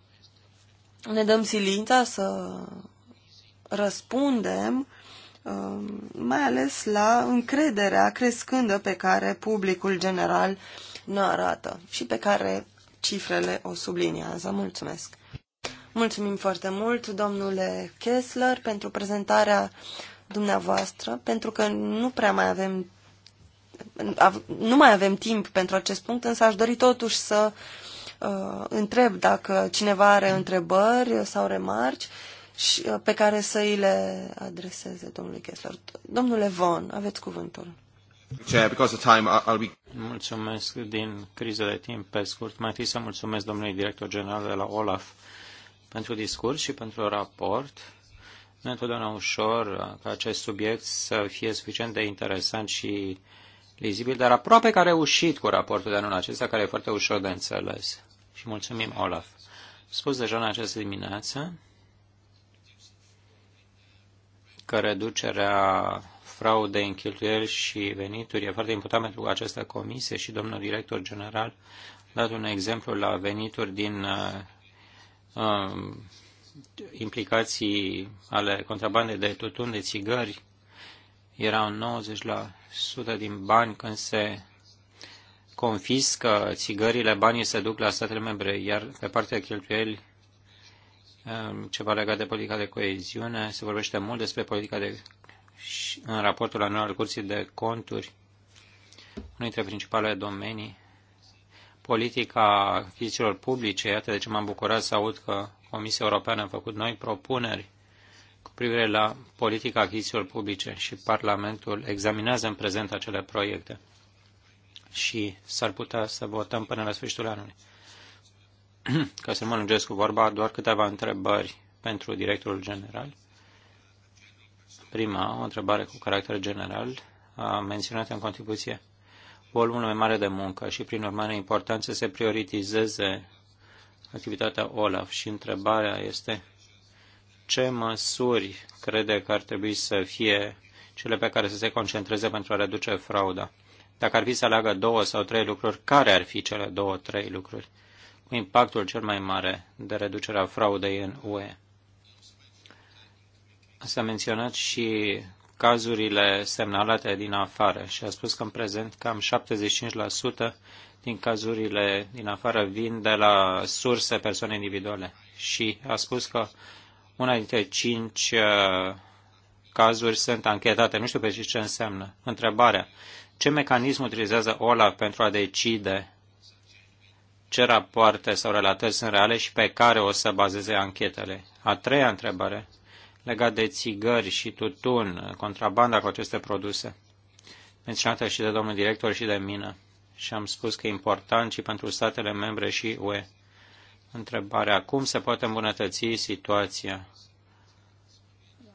ne dăm silința să răspundem, mai ales la încrederea crescândă pe care publicul general ne arată și pe care cifrele o subliniază. Mulțumesc! Mulțumim foarte mult, domnule Kessler, pentru prezentarea dumneavoastră, pentru că nu prea mai avem nu mai avem timp pentru acest punct, însă aș dori totuși să uh, întreb dacă cineva are întrebări sau remarci și, uh, pe care să îi le adreseze domnului Kessler. Domnule Von, aveți cuvântul. Mulțumesc din criză de timp pe scurt. Mai întâi să mulțumesc domnului director general de la OLAF pentru discurs și pentru raport nu e întotdeauna ușor uh, ca acest subiect să fie suficient de interesant și lizibil, dar aproape că a reușit cu raportul de anul acesta, care e foarte ușor de înțeles. Și mulțumim, Olaf. Spus deja în această dimineață că reducerea fraudei în cheltuieli și venituri e foarte important pentru această comisie și domnul director general a dat un exemplu la venituri din uh, uh, implicații ale contrabandei de tutun, de țigări, erau 90% din bani când se confiscă țigările, banii se duc la statele membre, iar pe partea cheltuieli, um, ceva legat de politica de coeziune, se vorbește mult despre politica de în raportul anual al Curții de Conturi, unul dintre principalele domenii, politica achizițiilor publice, iată de ce m-am bucurat să aud că Comisia Europeană a făcut noi propuneri cu privire la politica achizițiilor publice și Parlamentul examinează în prezent acele proiecte și s-ar putea să votăm până la sfârșitul anului. Ca să mă lungesc cu vorba, doar câteva întrebări pentru directorul general. Prima, o întrebare cu caracter general, a menționat în contribuție volumul mai mare de muncă și, prin urmare, important să se prioritizeze activitatea OLAF și întrebarea este ce măsuri crede că ar trebui să fie cele pe care să se concentreze pentru a reduce frauda. Dacă ar fi să aleagă două sau trei lucruri, care ar fi cele două, trei lucruri cu impactul cel mai mare de reducerea fraudei în UE? S-a menționat și cazurile semnalate din afară și a spus că în prezent cam 75% din cazurile din afară vin de la surse persoane individuale. Și a spus că una dintre cinci uh, cazuri sunt anchetate. Nu știu pe ce înseamnă. Întrebarea. Ce mecanism utilizează OLAF pentru a decide ce rapoarte sau relatări sunt reale și pe care o să bazeze anchetele? A treia întrebare, legat de țigări și tutun, contrabanda cu aceste produse, menționată și de domnul director și de mine și am spus că e important și pentru statele membre și UE. Întrebarea, cum se poate îmbunătăți situația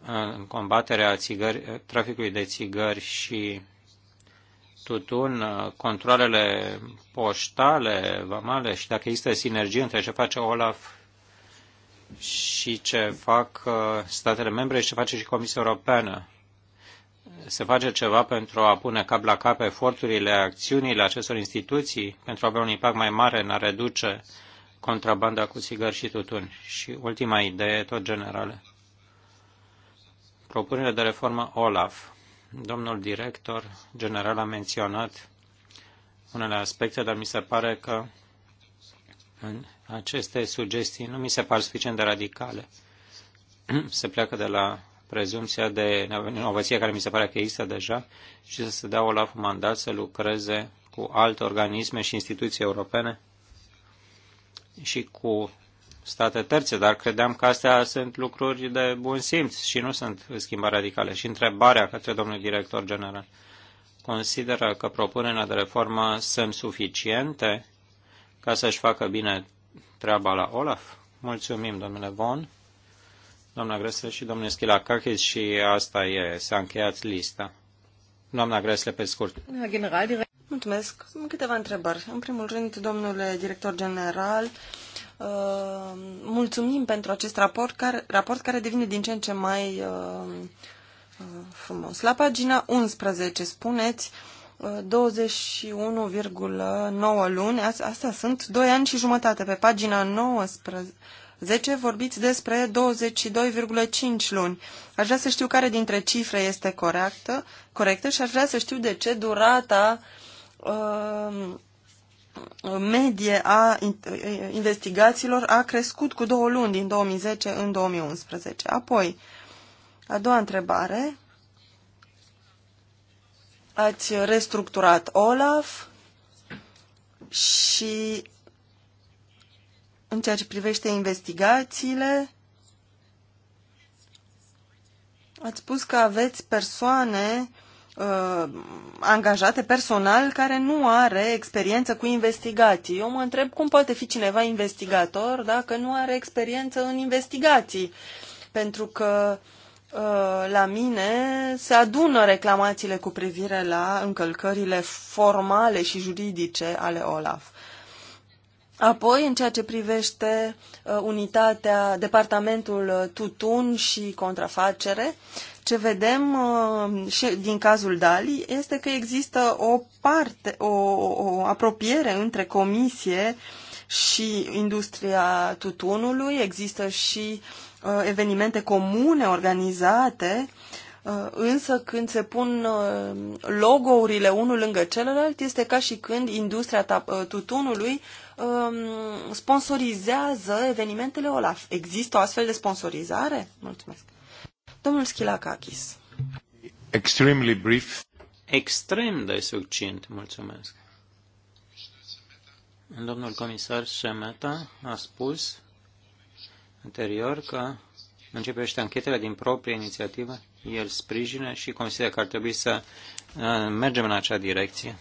în combaterea țigări, traficului de țigări și tutun, controlele poștale, vamale și dacă există sinergie între ce face OLAF și ce fac uh, statele membre și ce face și Comisia Europeană se face ceva pentru a pune cap la cap eforturile, acțiunile acestor instituții pentru a avea un impact mai mare în a reduce contrabanda cu țigări și tutun. Și ultima idee, tot generală. Propunerea de reformă OLAF. Domnul director general a menționat unele aspecte, dar mi se pare că în aceste sugestii nu mi se par suficient de radicale. se pleacă de la prezumția de inovăție care mi se pare că există deja și să se dea OLAF un mandat să lucreze cu alte organisme și instituții europene și cu state terțe, dar credeam că astea sunt lucruri de bun simț și nu sunt schimbări radicale. Și întrebarea către domnul director general, consideră că propunerea de reformă sunt suficiente ca să-și facă bine treaba la Olaf? Mulțumim, domnule Von doamna Gresle și domnul Schilacachis și asta e, s-a încheiat lista. Doamna Gresle, pe scurt. Mulțumesc. Câteva întrebări. În primul rând, domnule director general, uh, mulțumim pentru acest raport care, raport care devine din ce în ce mai uh, uh, frumos. La pagina 11 spuneți 21,9 luni, astea sunt 2 ani și jumătate. Pe pagina 19, 10 vorbiți despre 22,5 luni. Aș vrea să știu care dintre cifre este corectă, corectă și aș vrea să știu de ce durata uh, medie a investigațiilor a crescut cu două luni din 2010 în 2011. Apoi, a doua întrebare. Ați restructurat OLAF și în ceea ce privește investigațiile, ați spus că aveți persoane uh, angajate personal care nu are experiență cu investigații. Eu mă întreb cum poate fi cineva investigator dacă nu are experiență în investigații. Pentru că uh, la mine se adună reclamațiile cu privire la încălcările formale și juridice ale OLAF. Apoi, în ceea ce privește uh, unitatea, departamentul uh, tutun și contrafacere, ce vedem uh, și din cazul Dali este că există o parte, o, o apropiere între comisie și industria tutunului, există și uh, evenimente comune organizate, uh, însă când se pun uh, logourile unul lângă celălalt, este ca și când industria uh, tutunului uh, um, sponsorizează evenimentele OLAF. Există o astfel de sponsorizare? Mulțumesc. Domnul Schilakakis. Extremely brief. Extrem de succint, mulțumesc. Domnul comisar Semeta a spus anterior că începește anchetele din proprie inițiativă, el sprijină și consideră că ar trebui să uh, mergem în acea direcție.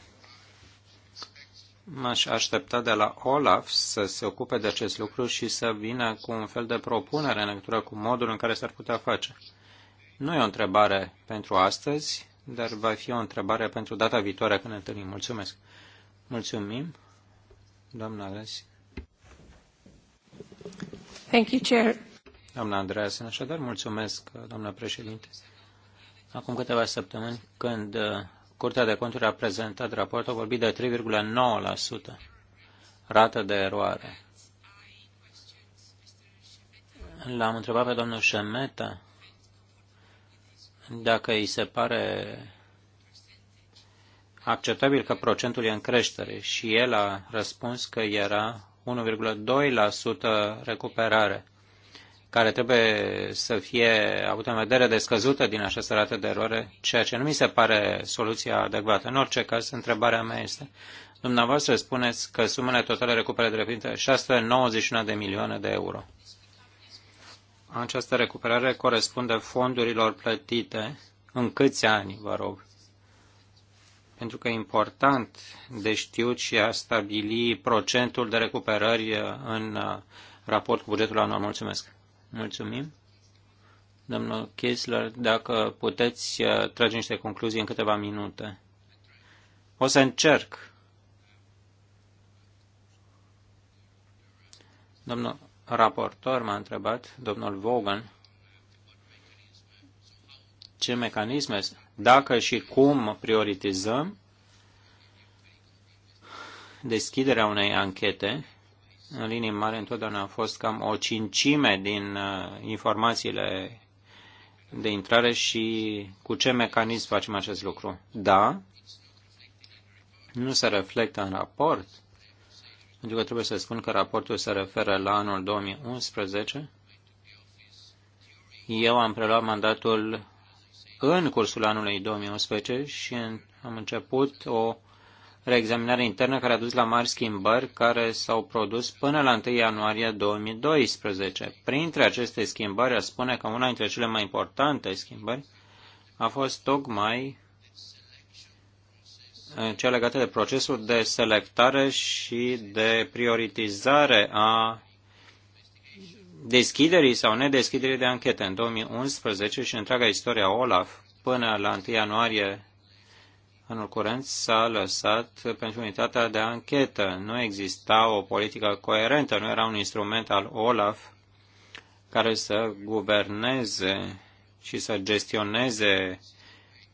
M-aș aștepta de la Olaf să se ocupe de acest lucru și să vină cu un fel de propunere în legătură cu modul în care s-ar putea face. Nu e o întrebare pentru astăzi, dar va fi o întrebare pentru data viitoare când ne întâlnim. Mulțumesc. Mulțumim, doamna Resi. Thank you, Chair. Doamna Andreasen, așadar, mulțumesc, doamna președinte. Acum câteva săptămâni, când Curtea de Conturi a prezentat raportul, a vorbit de 3,9% rată de eroare. L-am întrebat pe domnul Șemeta dacă îi se pare acceptabil că procentul e în creștere și el a răspuns că era 1,2% recuperare care trebuie să fie avută în vedere de scăzută din această rată de eroare, ceea ce nu mi se pare soluția adecvată. În orice caz, întrebarea mea este, dumneavoastră spuneți că sumele totale recuperate reprezintă 691 de milioane de euro. Această recuperare corespunde fondurilor plătite în câți ani, vă rog? Pentru că e important de știut și a stabili procentul de recuperări în uh, raport cu bugetul anual. Mulțumesc. Mulțumim. Domnul Kessler, dacă puteți uh, trage niște concluzii în câteva minute. O să încerc. Domnul raportor m-a întrebat, domnul Vaughan, ce mecanisme, dacă și cum prioritizăm deschiderea unei anchete în linii mari întotdeauna a fost cam o cincime din uh, informațiile de intrare și cu ce mecanism facem acest lucru. Da, nu se reflectă în raport, pentru că trebuie să spun că raportul se referă la anul 2011. Eu am preluat mandatul în cursul anului 2011 și am început o reexaminare internă care a dus la mari schimbări care s-au produs până la 1 ianuarie 2012. Printre aceste schimbări, a spune că una dintre cele mai importante schimbări a fost tocmai uh, cea legată de procesul de selectare și de prioritizare a deschiderii sau nedeschiderii de anchete în 2011 și întreaga istoria OLAF până la 1 ianuarie anul curent s-a lăsat pentru unitatea de anchetă. Nu exista o politică coerentă, nu era un instrument al OLAF care să guverneze și să gestioneze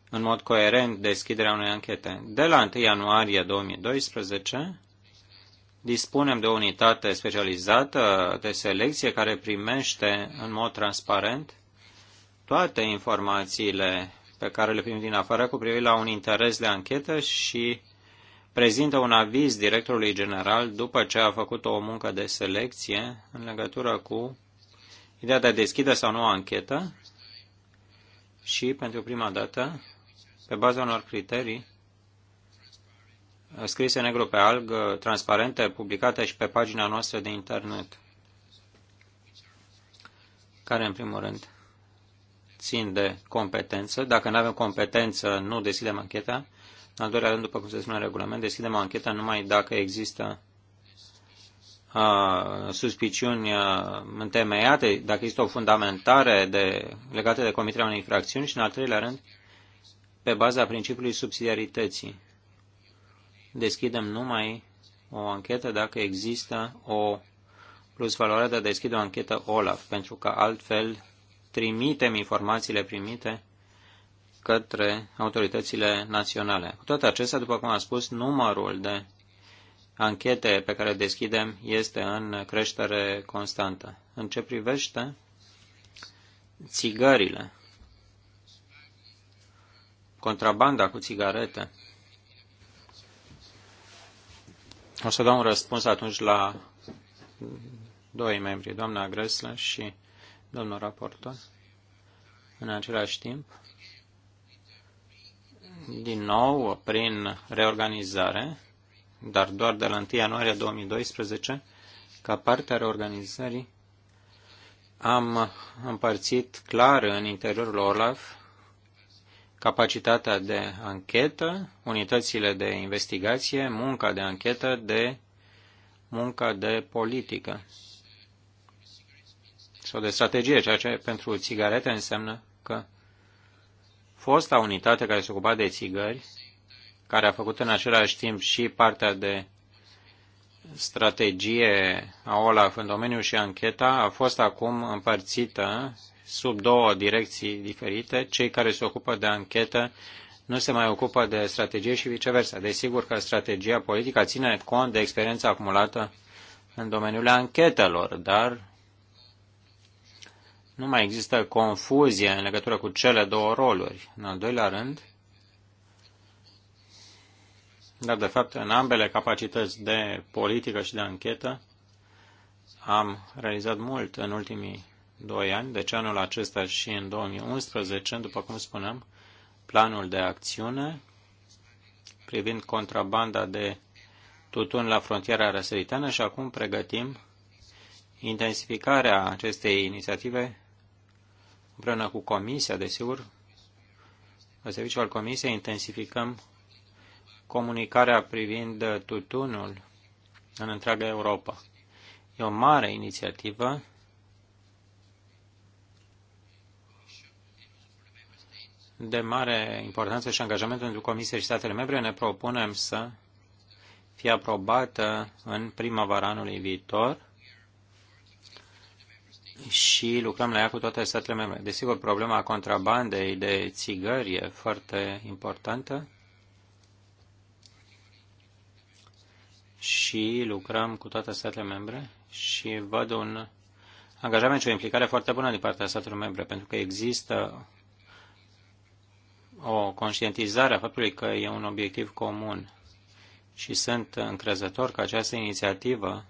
în mod coerent deschiderea unei anchete. De la 1 ianuarie 2012 dispunem de o unitate specializată de selecție care primește în mod transparent toate informațiile pe care le primim din afară cu privire la un interes de anchetă și prezintă un aviz directorului general după ce a făcut o muncă de selecție în legătură cu ideea de a deschide sau nu o anchetă și, pentru prima dată, pe baza unor criterii scrise negru pe alg, transparente, publicate și pe pagina noastră de internet, care, în primul rând, țin de competență. Dacă nu avem competență, nu deschidem ancheta. În al doilea rând, după cum se spune în regulament, deschidem ancheta numai dacă există a, suspiciuni a, întemeiate, dacă există o fundamentare de, legată de comiterea unei infracțiuni și, în al treilea rând, pe baza principiului subsidiarității. Deschidem numai o anchetă dacă există o plus valoare de a deschide o anchetă OLAF, pentru că altfel trimitem informațiile primite către autoritățile naționale. Cu toate acestea, după cum am spus, numărul de anchete pe care le deschidem este în creștere constantă. În ce privește țigările, contrabanda cu țigarete, o să dau un răspuns atunci la doi membri, doamna Gresle și domnul raportor. În același timp, din nou, prin reorganizare, dar doar de la 1 ianuarie 2012, ca parte a reorganizării, am împărțit clar în interiorul OLAF capacitatea de anchetă, unitățile de investigație, munca de anchetă de munca de politică sau de strategie, ceea ce pentru țigarete înseamnă că fosta unitate care se ocupa de țigări, care a făcut în același timp și partea de strategie a OLAF în domeniu și ancheta, a fost acum împărțită sub două direcții diferite. Cei care se ocupă de anchetă nu se mai ocupă de strategie și viceversa. Desigur că strategia politică ține cont de experiența acumulată în domeniul anchetelor, dar nu mai există confuzie în legătură cu cele două roluri. În al doilea rând, dar de fapt în ambele capacități de politică și de anchetă am realizat mult în ultimii doi ani, deci anul acesta și în 2011, după cum spunem, planul de acțiune privind contrabanda de tutun la frontiera răsăritană și acum pregătim intensificarea acestei inițiative împreună cu Comisia, desigur, la serviciul al Comisiei intensificăm comunicarea privind tutunul în întreaga Europa. E o mare inițiativă de mare importanță și angajament pentru comisia și statele membre. Ne propunem să fie aprobată în primăvara anului viitor și lucrăm la ea cu toate statele membre. Desigur, problema contrabandei de țigări e foarte importantă și lucrăm cu toate statele membre și văd un angajament și o implicare foarte bună din partea statelor membre, pentru că există o conștientizare a faptului că e un obiectiv comun și sunt încrezător că această inițiativă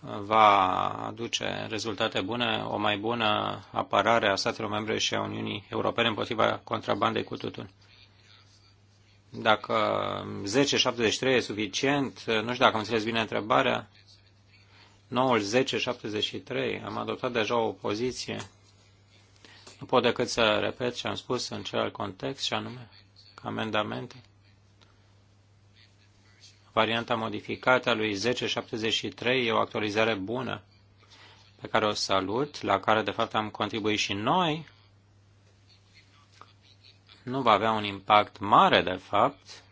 va aduce rezultate bune, o mai bună apărare a statelor membre și a Uniunii Europene împotriva contrabandei cu tutun. Dacă 1073 e suficient, nu știu dacă am înțeles bine întrebarea, noul 1073, am adoptat deja o poziție. Nu pot decât să repet ce am spus în celălalt context, și anume, amendamente varianta modificată a lui 1073 e o actualizare bună pe care o salut, la care de fapt am contribuit și noi, nu va avea un impact mare de fapt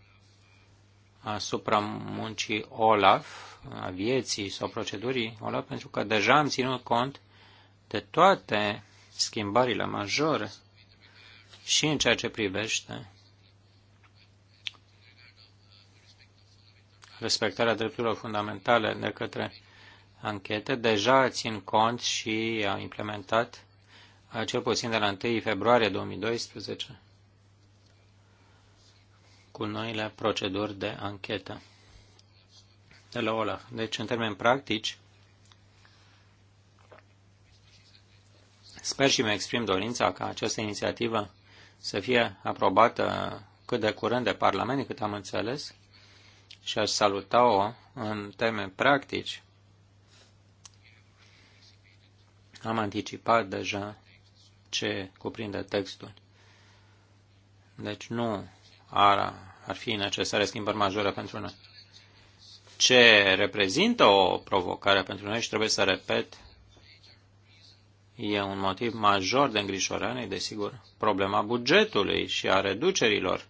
asupra muncii OLAF, a vieții sau procedurii OLAF, pentru că deja am ținut cont de toate schimbările majore și în ceea ce privește respectarea drepturilor fundamentale de către anchete, deja țin cont și a implementat, cel puțin de la 1 februarie 2012, cu noile proceduri de anchetă de la OLAF. Deci, în termeni practici, sper și mi exprim dorința ca această inițiativă să fie aprobată cât de curând de Parlament, cât am înțeles, și aș saluta-o în teme practici. Am anticipat deja ce cuprinde textul. Deci nu ar, ar fi necesare schimbări majore pentru noi. Ce reprezintă o provocare pentru noi și trebuie să repet, e un motiv major de îngrijorare, desigur, problema bugetului și a reducerilor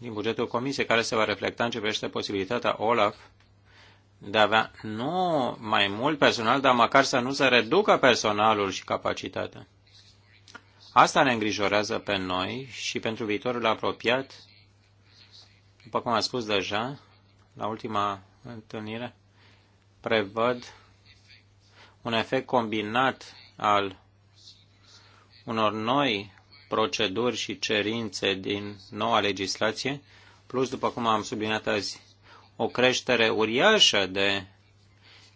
din bugetul comisiei care se va reflecta în ce privește posibilitatea OLAF de a avea nu mai mult personal, dar măcar să nu se reducă personalul și capacitatea. Asta ne îngrijorează pe noi și pentru viitorul apropiat, după cum am spus deja, la ultima întâlnire, prevăd un efect combinat al unor noi proceduri și cerințe din noua legislație, plus, după cum am subliniat azi, o creștere uriașă de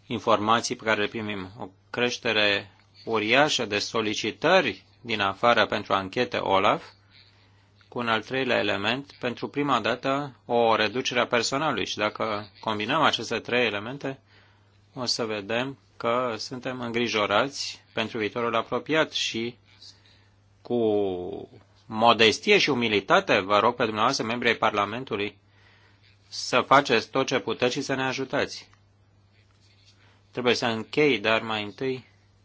informații pe care le primim, o creștere uriașă de solicitări din afară pentru anchete OLAF, cu un al treilea element, pentru prima dată o reducere a personalului. Și dacă combinăm aceste trei elemente, o să vedem că suntem îngrijorați pentru viitorul apropiat și cu modestie și umilitate, vă rog pe dumneavoastră, membrii Parlamentului, să faceți tot ce puteți și să ne ajutați. Trebuie să închei, dar mai întâi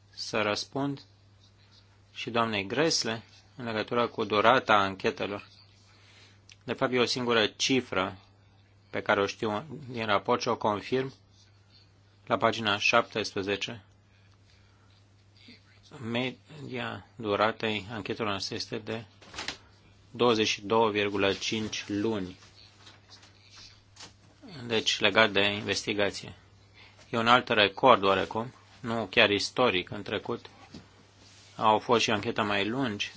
să răspund și doamnei Gresle în legătură cu durata anchetelor. De fapt, e o singură cifră pe care o știu din raport și o confirm la pagina 17 Media duratei anchetelor noastre este de 22,5 luni. Deci legat de investigație. E un alt record oarecum, nu chiar istoric. În trecut au fost și anchete mai lungi.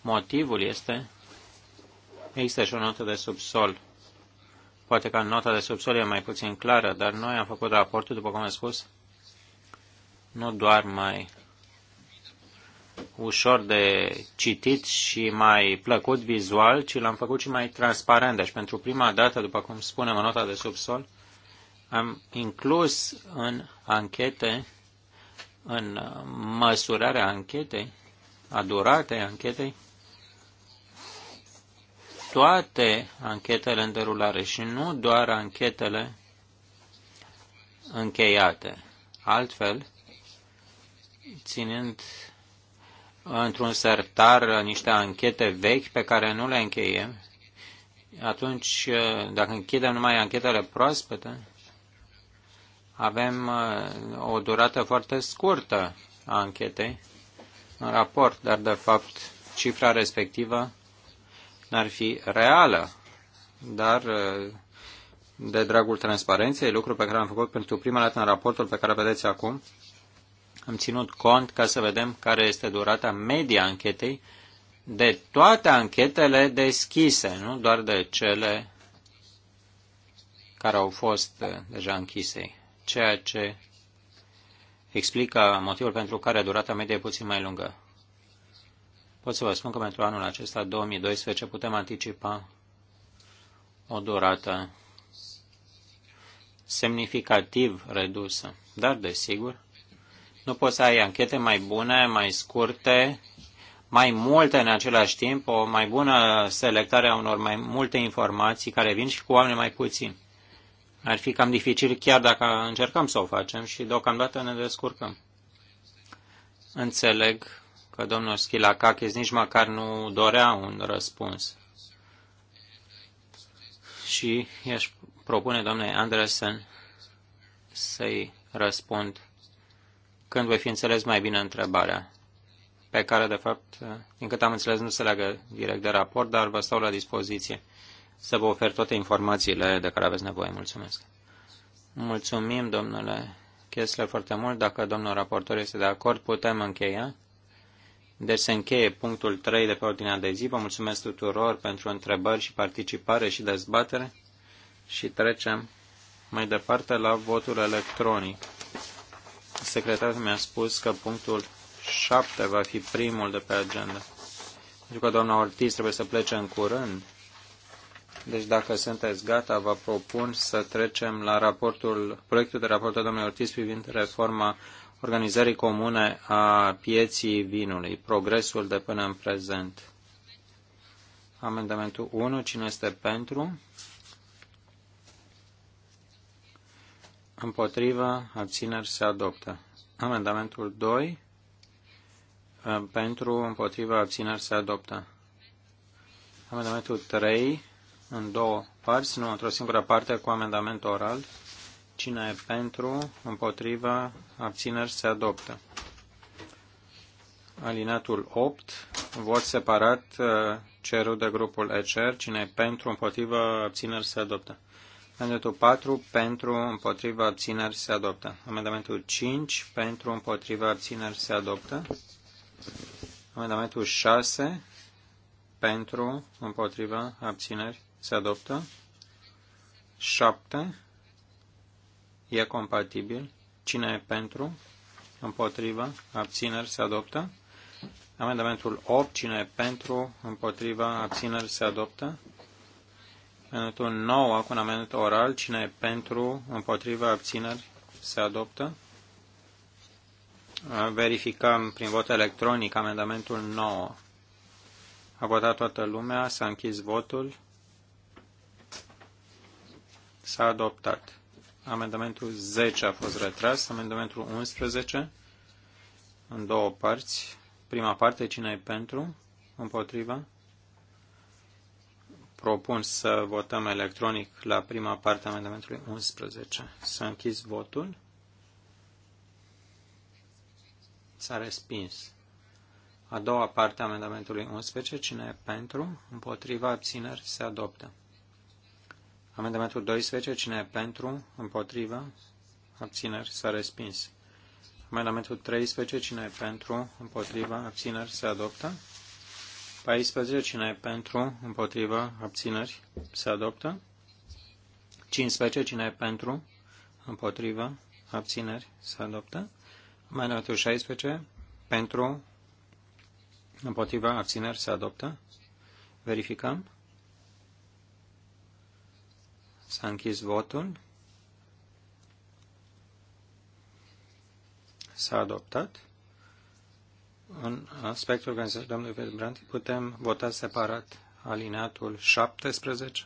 Motivul este, există și o notă de subsol. Poate că nota de subsol e mai puțin clară, dar noi am făcut raportul, după cum am spus, nu doar mai ușor de citit și mai plăcut vizual, ci l-am făcut și mai transparent. Deci, pentru prima dată, după cum spunem în nota de subsol, am inclus în anchete, în măsurarea anchetei, a duratei anchetei, toate anchetele în derulare și nu doar anchetele încheiate. Altfel, ținând într-un sertar niște anchete vechi pe care nu le încheiem, atunci, dacă închidem numai anchetele proaspete, avem o durată foarte scurtă a anchetei în raport, dar, de fapt, cifra respectivă n-ar fi reală, dar de dragul transparenței, lucru pe care l-am făcut pentru prima dată în raportul pe care vedeți acum, am ținut cont ca să vedem care este durata media anchetei de toate anchetele deschise, nu doar de cele care au fost uh, deja închise, ceea ce explică motivul pentru care durata medie e puțin mai lungă. Pot să vă spun că pentru anul acesta, 2012, putem anticipa o durată semnificativ redusă, dar desigur nu poți să ai anchete mai bune, mai scurte, mai multe în același timp, o mai bună selectare a unor mai multe informații care vin și cu oameni mai puțini. Ar fi cam dificil chiar dacă încercăm să o facem și deocamdată ne descurcăm. Înțeleg că domnul Schilacakis nici măcar nu dorea un răspuns. Și i-aș propune domnului Anderson să-i răspund când voi fi înțeles mai bine întrebarea, pe care, de fapt, din cât am înțeles, nu se leagă direct de raport, dar vă stau la dispoziție să vă ofer toate informațiile de care aveți nevoie. Mulțumesc! Mulțumim, domnule Chesler, foarte mult. Dacă domnul raportor este de acord, putem încheia. Deci se încheie punctul 3 de pe ordinea de zi. Vă mulțumesc tuturor pentru întrebări și participare și dezbatere și trecem mai departe la votul electronic. Secretarul mi-a spus că punctul 7 va fi primul de pe agenda. Pentru că doamna Ortiz trebuie să plece în curând. Deci dacă sunteți gata, vă propun să trecem la raportul, proiectul de raport al domnului Ortiz privind reforma organizării comune a pieții vinului, progresul de până în prezent. Amendamentul 1, cine este pentru? împotrivă, abțineri se adoptă. Amendamentul 2, uh, pentru, împotrivă, abțineri se adoptă. Amendamentul 3, în două părți, nu într-o singură parte, cu amendament oral. Cine e pentru, împotrivă, abțineri se adoptă. Alinatul 8, vot separat uh, cerul de grupul ECR. Cine e pentru, împotrivă, abțineri se adoptă. Amendamentul 4 pentru împotriva abțineri se adoptă. Amendamentul 5 pentru împotriva abțineri se adoptă. Amendamentul 6 pentru împotriva abțineri se adoptă. 7 e compatibil. Cine e pentru? Împotriva. Abțineri se adoptă. Amendamentul 8. Cine e pentru? Împotriva. Abțineri se adoptă. Amendamentul 9 cu un amendament oral. Cine e pentru, împotriva, abțineri, se adoptă. Verificăm prin vot electronic amendamentul 9. A votat toată lumea, s-a închis votul, s-a adoptat. Amendamentul 10 a fost retras, amendamentul 11 în două părți. Prima parte, cine e pentru, împotriva, propun să votăm electronic la prima parte a amendamentului 11. Să închis votul. S-a respins. A doua parte a amendamentului 11. Cine e pentru? Împotriva abțineri se adoptă. Amendamentul 12. Cine e pentru? Împotriva? Abțineri s-a respins. Amendamentul 13. Cine e pentru? Împotriva? Abțineri se adoptă. 14. Cine e pentru? Împotriva? Abțineri? Se adoptă. 15. Cine e pentru? Împotriva? Abțineri? Se adoptă. Amendamentul 16. Pentru? Împotriva? Abțineri? Se adoptă. Verificăm. S-a închis votul. S-a adoptat în aspectul organizat domnului Vedbrand, putem vota separat alineatul 17?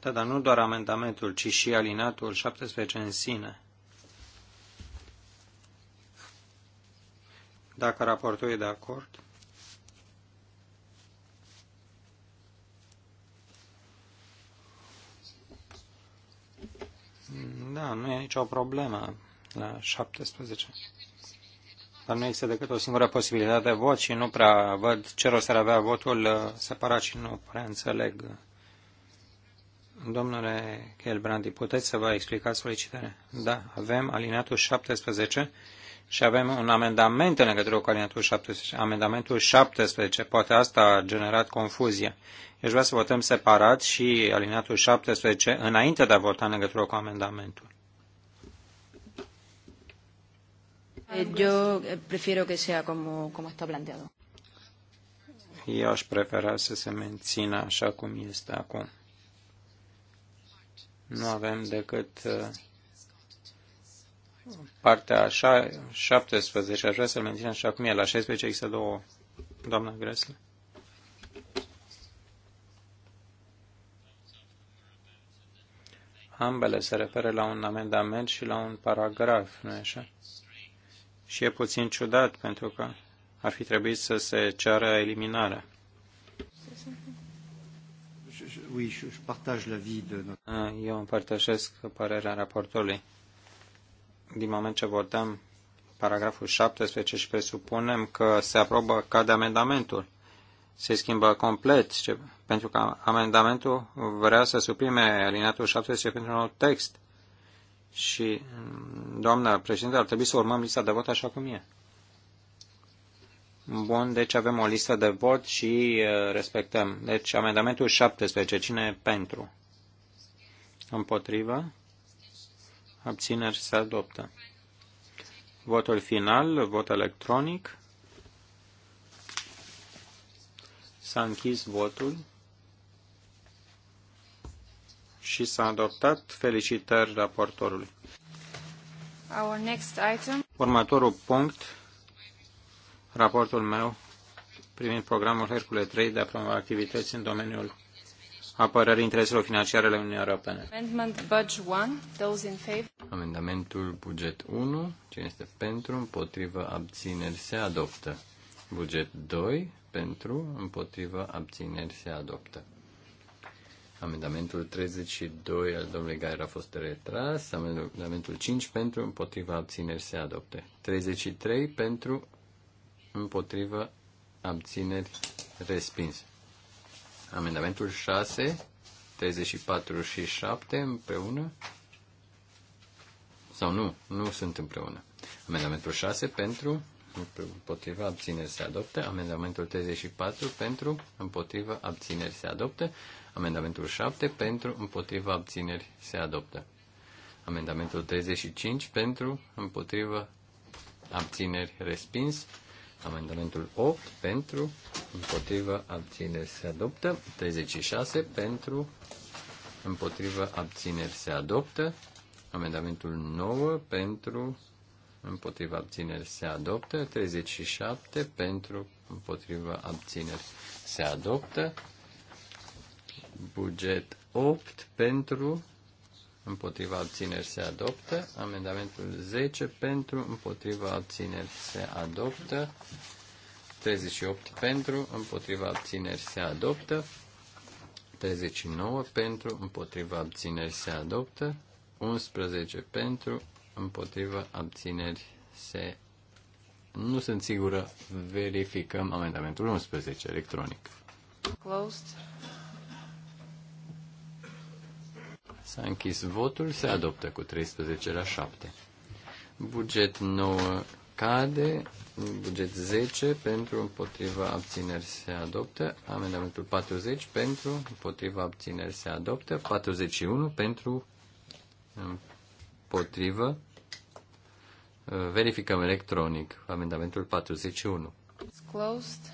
Da, dar nu doar amendamentul, ci și alineatul 17 în sine. Dacă raportul e de acord. Da, nu e nicio problemă la 17. Dar nu există decât o singură posibilitate de vot și nu prea văd ce rost ar avea votul uh, separat și nu prea înțeleg. Domnule Kelbrandi, puteți să vă explicați solicitarea? Da, avem alineatul 17 și avem un amendament în legătură cu alineatul 17. Amendamentul 17, poate asta a generat confuzie. Deci vrea să votăm separat și alineatul 17 înainte de a vota în legătură cu amendamentul. Eu eh, eh, prefiero que sea como, como está planteado. Eu aș prefera să se mențină așa cum este acum. Nu avem decât eh, partea așa, 17, aș vrea să-l mențin așa cum e. La 16 există două, doamna Gresle. Ambele se referă la un amendament și la un paragraf, nu i așa? Și e puțin ciudat pentru că ar fi trebuit să se ceară eliminarea. Ah, eu împărtășesc părerea raportorului. Din moment ce votăm paragraful 17 și presupunem că se aprobă ca de amendamentul, se schimbă complet, pentru că amendamentul vrea să suprime alineatul 17 pentru un nou text. Și, doamna președinte, ar trebui să urmăm lista de vot așa cum e. Bun, deci avem o listă de vot și uh, respectăm. Deci, amendamentul 17. Cine e pentru? Împotrivă? Abțineri se adoptă. Votul final, vot electronic. S-a închis votul și s-a adoptat. Felicitări raportorului. Our next item. Următorul punct, raportul meu privind programul Hercule 3 de a promova activități în domeniul apărării intereselor financiare ale Uniunii Europene. Amendamentul buget 1, cine este pentru, împotrivă, abțineri, se adoptă. Buget 2, pentru, împotrivă, abțineri, se adoptă. Amendamentul 32 al domnului Gair a fost retras. Amendamentul 5 pentru împotriva abțineri se adopte. 33 pentru împotriva abțineri respins. Amendamentul 6, 34 și 7 împreună. Sau nu, nu sunt împreună. Amendamentul 6 pentru împotriva abțineri se adoptă. Amendamentul 34 pentru împotriva abțineri se adoptă. Amendamentul 7 pentru împotriva abțineri se adoptă. Amendamentul 35 pentru împotriva abțineri respins. Amendamentul 8 pentru împotriva abțineri se adoptă. 36 pentru împotriva abțineri se adoptă. Amendamentul 9 pentru împotriva abțineri se adoptă, 37 pentru împotriva abțineri se adoptă, buget 8 pentru împotriva abțineri se adoptă, amendamentul 10 pentru împotriva abțineri se adoptă, 38 pentru împotriva abțineri se adoptă, 39 pentru împotriva abțineri se adoptă, 11 pentru împotrivă, abțineri, se... Nu sunt sigură, verificăm amendamentul 11 electronic. Closed. S-a închis votul, se adoptă cu 13 la 7. Buget 9 cade, buget 10 pentru împotriva abțineri se adoptă, amendamentul 40 pentru împotriva abțineri se adoptă, 41 pentru împotriva. Verificăm electronic amendamentul 41. It's closed.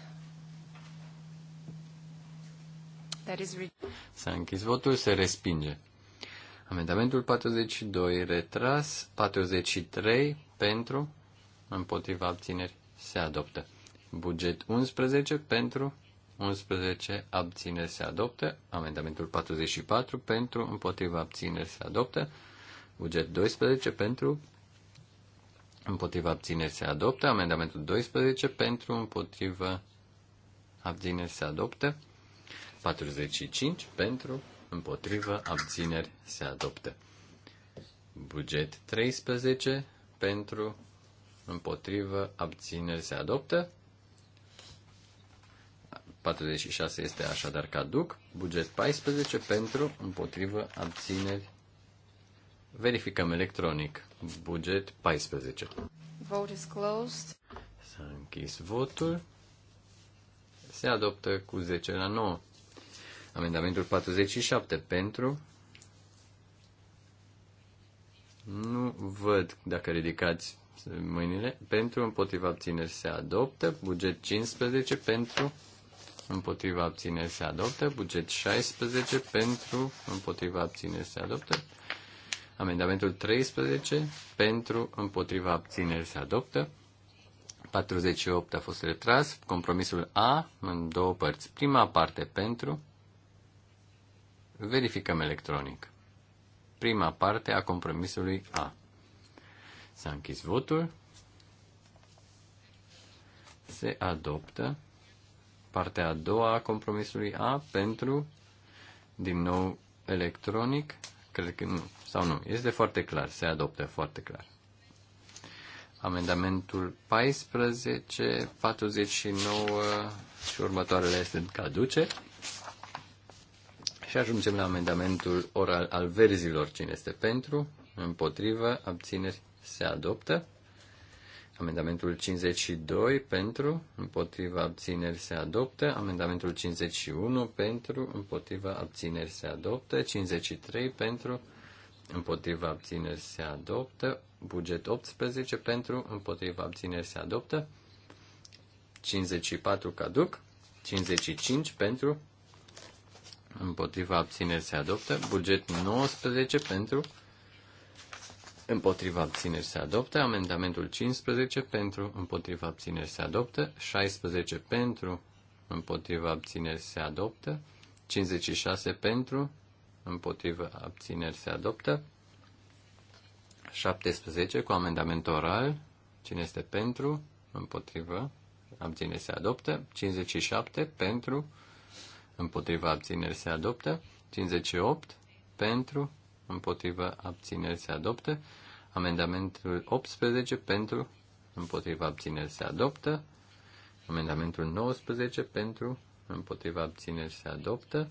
That is S-a închis votul, se respinge. Amendamentul 42 retras, 43 pentru, împotriva abțineri, se adoptă. Buget 11 pentru, 11 abțineri se adoptă. Amendamentul 44 pentru, împotriva abțineri se adoptă. Buget 12 pentru, împotriva abțineri se adoptă. Amendamentul 12 pentru împotriva abțineri se adoptă. 45 pentru împotriva abțineri se adoptă. Buget 13 pentru împotriva abțineri se adoptă. 46 este așadar caduc. Buget 14 pentru împotriva abțineri Verificăm electronic. Buget 14. Vote is closed. S-a închis votul. Se adoptă cu 10 la 9. Amendamentul 47 pentru. Nu văd dacă ridicați mâinile. Pentru împotriva abțineri se adoptă. Buget 15 pentru împotriva abțineri se adoptă. Buget 16 pentru împotriva abțineri se adoptă. Amendamentul 13 pentru împotriva abținerii se adoptă. 48 a fost retras. Compromisul A în două părți. Prima parte pentru. Verificăm electronic. Prima parte a compromisului A. S-a închis votul. Se adoptă partea a doua a compromisului A pentru, din nou electronic, Cred că nu. Sau nu. Este foarte clar. Se adoptă foarte clar. Amendamentul 14, 49 și următoarele este caduce. Și ajungem la amendamentul oral al verzilor. Cine este pentru? Împotrivă? Abțineri? Se adoptă. Amendamentul 52 pentru, împotriva abțineri se adoptă. Amendamentul 51 pentru, împotriva abțineri se adoptă. 53 pentru, împotriva abțineri se adoptă. Buget 18 pentru, împotriva abțineri se adoptă. 54 caduc. 55 pentru, împotriva abțineri se adoptă. Buget 19 pentru, împotriva abțineri se adoptă, amendamentul 15 pentru, împotriva abțineri se adoptă, 16 pentru, împotriva abțineri se adoptă, 56 pentru, împotriva abțineri se adoptă, 17 cu amendament oral, cine este pentru, împotriva, abțineri se adoptă, 57 pentru, împotriva abțineri se adoptă, 58 pentru, împotriva abțineri se adoptă. Amendamentul 18 pentru, împotriva abțineri se adoptă. Amendamentul 19 pentru, împotriva abțineri se adoptă.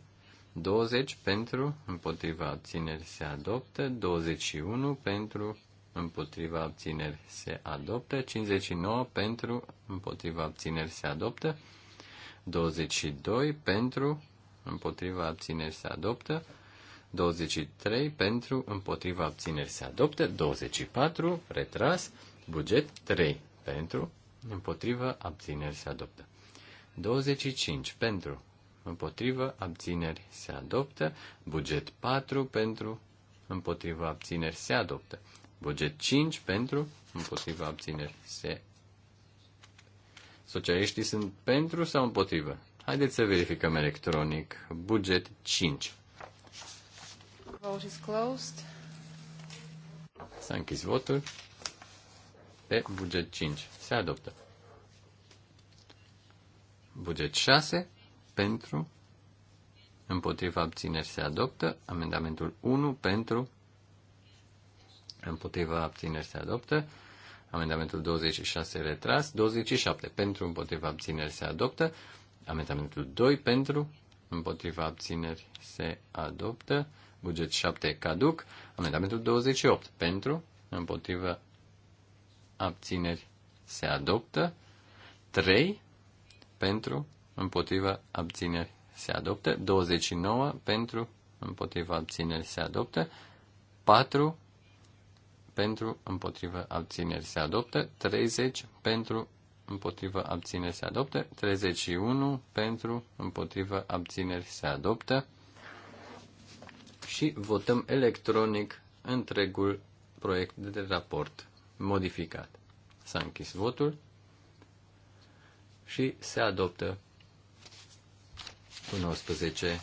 20 pentru, împotriva abțineri se adoptă. 21 pentru, împotriva abțineri se adoptă. 59 pentru, împotriva abțineri se adoptă. 22 pentru, împotriva abțineri se adoptă. 23 pentru, împotriva abțineri se adoptă, 24 retras, buget 3 pentru, împotriva abțineri se adoptă. 25 pentru, împotriva abțineri se adoptă, buget 4 pentru, împotriva abțineri se adoptă. Buget 5 pentru, împotriva abțineri se Socialiștii sunt pentru sau împotrivă? Haideți să verificăm electronic. Buget 5. Vote is closed. S-a închis votul. Pe buget 5. Se adoptă. Buget 6. Pentru. Împotriva abțineri se adoptă. Amendamentul 1. Pentru. Împotriva abțineri se adoptă. Amendamentul 26 retras. 27. Pentru. Împotriva abțineri se adoptă. Amendamentul 2. Pentru. Împotriva abțineri se adoptă. Buget 7 caduc. Amendamentul 28 pentru, împotrivă, abțineri se adoptă. 3 pentru, împotrivă, abțineri se adoptă. 29 pentru, împotrivă, abțineri se adoptă. 4 pentru, împotrivă, abțineri se adoptă. 30 pentru, împotrivă, abțineri se adoptă. 31 pentru, împotrivă, abțineri se adoptă și votăm electronic întregul proiect de raport modificat. S-a închis votul și se adoptă cu 19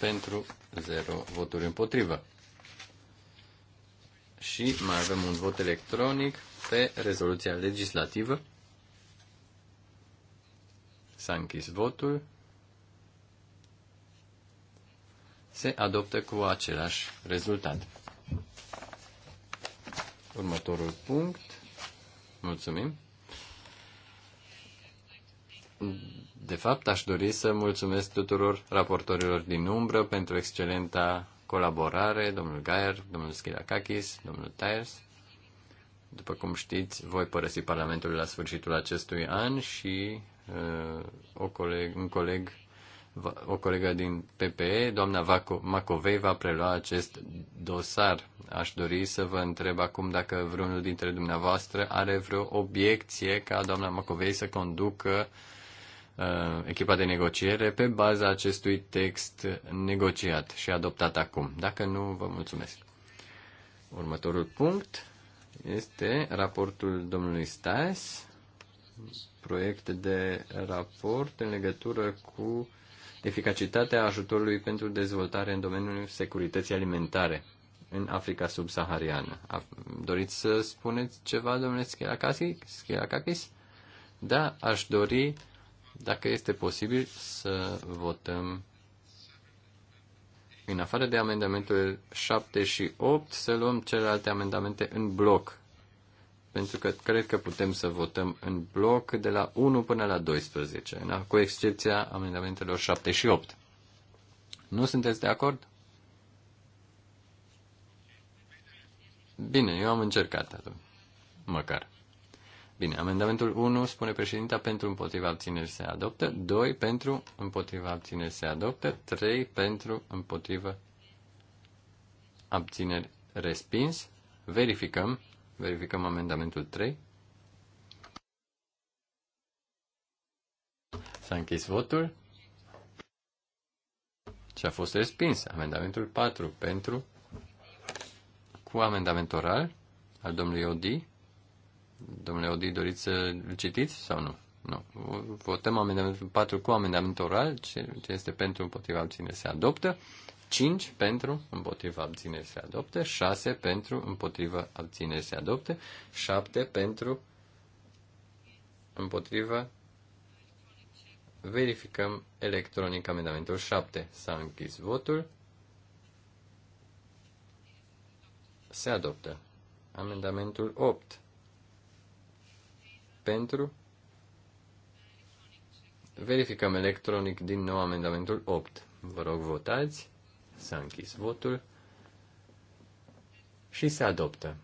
pentru 0 voturi împotrivă. Și mai avem un vot electronic pe rezoluția legislativă. S-a închis votul. se adoptă cu același rezultat. Următorul punct. Mulțumim. De fapt, aș dori să mulțumesc tuturor raportorilor din umbră pentru excelenta colaborare, domnul Gaier, domnul Schilakakis, domnul Tyers. După cum știți, voi părăsi Parlamentul la sfârșitul acestui an și uh, o coleg, un coleg o colegă din PPE, doamna Macovei, va prelua acest dosar. Aș dori să vă întreb acum dacă vreunul dintre dumneavoastră are vreo obiecție ca doamna Macovei să conducă uh, echipa de negociere pe baza acestui text negociat și adoptat acum. Dacă nu, vă mulțumesc. Următorul punct este raportul domnului Stas, proiect de raport în legătură cu eficacitatea ajutorului pentru dezvoltare în domeniul securității alimentare în Africa subsahariană. Doriți să spuneți ceva, domnule Schirakakis? Da, aș dori, dacă este posibil, să votăm în afară de amendamentul 7 și 8, să luăm celelalte amendamente în bloc pentru că cred că putem să votăm în bloc de la 1 până la 12, cu excepția amendamentelor 7 și 8. Nu sunteți de acord? Bine, eu am încercat atunci. Măcar. Bine, amendamentul 1 spune președinta pentru împotriva abțineri se adoptă, 2 pentru împotriva abțineri se adoptă, 3 pentru împotriva abțineri respins. Verificăm. Verificăm amendamentul 3. S-a închis votul și a fost respins. Amendamentul 4 pentru cu amendament oral al domnului Odi. Domnule Odi, doriți să-l citiți sau nu? Nu. Votăm amendamentul 4 cu amendament oral, ce, ce este pentru împotriva cine se adoptă. 5 pentru, împotriva abțineri se adopte, 6 pentru, împotriva abțineri se adopte, 7 pentru, împotriva. Verificăm electronic amendamentul 7. S-a închis votul. Se adoptă. Amendamentul 8. Pentru. Verificăm electronic din nou amendamentul 8. Vă rog, votați. S-a închis votul și se adoptă.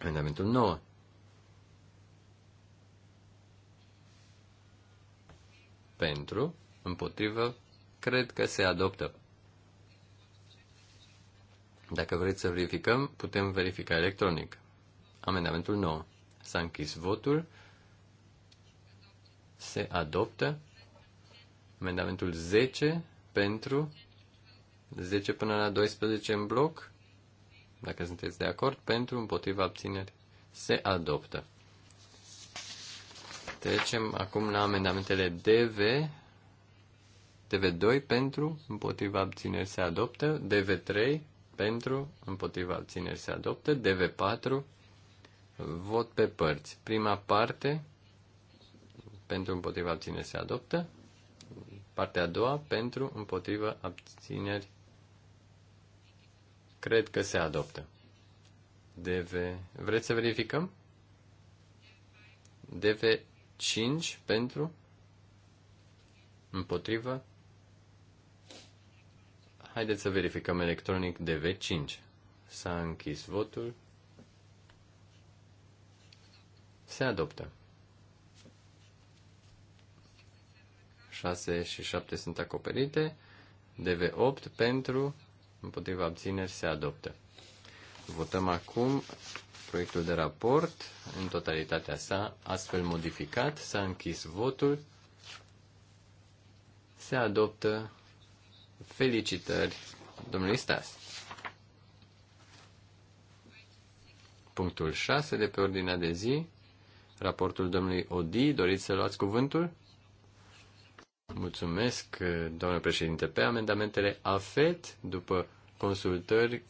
Amendamentul 9. Pentru, împotrivă, cred că se adoptă. Dacă vreți să verificăm, putem verifica electronic. Amendamentul 9. S-a închis votul. Se adoptă. Amendamentul 10 pentru, 10 până la 12 în bloc, dacă sunteți de acord, pentru împotriva abțineri se adoptă. Trecem acum la amendamentele DV, DV2 pentru împotriva abțineri se adoptă, DV3 pentru împotriva abțineri se adoptă, DV4 vot pe părți. Prima parte pentru împotriva abțineri se adoptă, partea a doua pentru împotriva abțineri Cred că se adoptă. DV... Vreți să verificăm? DV 5 pentru? Împotrivă? Haideți să verificăm electronic DV 5. S-a închis votul. Se adoptă. 6 și 7 sunt acoperite. DV8 pentru împotriva abțineri se adoptă. Votăm acum proiectul de raport în totalitatea sa, astfel modificat, s-a închis votul, se adoptă felicitări domnului Stas. Punctul 6 de pe ordinea de zi, raportul domnului Odi, doriți să luați cuvântul? Mulțumesc, doamnă președinte. Pe amendamentele AFET, după consultări,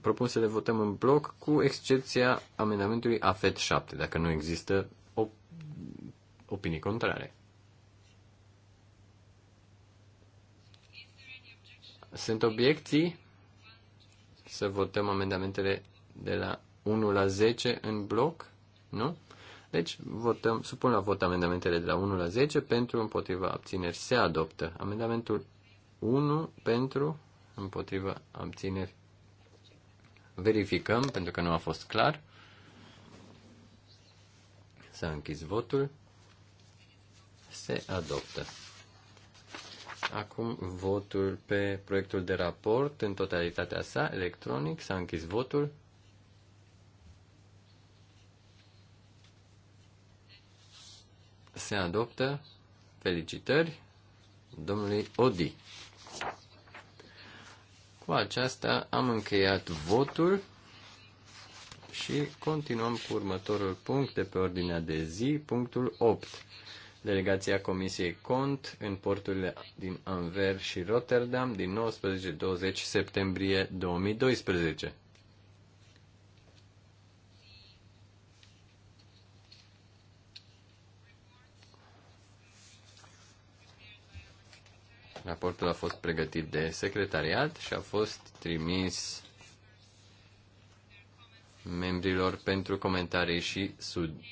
propun să le votăm în bloc, cu excepția amendamentului AFET 7, dacă nu există op- opinii contrare. Sunt obiecții să votăm amendamentele de la 1 la 10 în bloc? Nu? Deci, votăm, supun la vot amendamentele de la 1 la 10 pentru împotriva abțineri se adoptă. Amendamentul 1 pentru împotriva abțineri. Verificăm pentru că nu a fost clar. S-a închis votul. Se adoptă. Acum votul pe proiectul de raport în totalitatea sa, electronic, s-a închis votul. se adoptă. Felicitări domnului Odi. Cu aceasta am încheiat votul și continuăm cu următorul punct de pe ordinea de zi, punctul 8. Delegația Comisiei Cont în porturile din Anver și Rotterdam din 19-20 septembrie 2012. Raportul a fost pregătit de secretariat și a fost trimis membrilor pentru comentarii și su-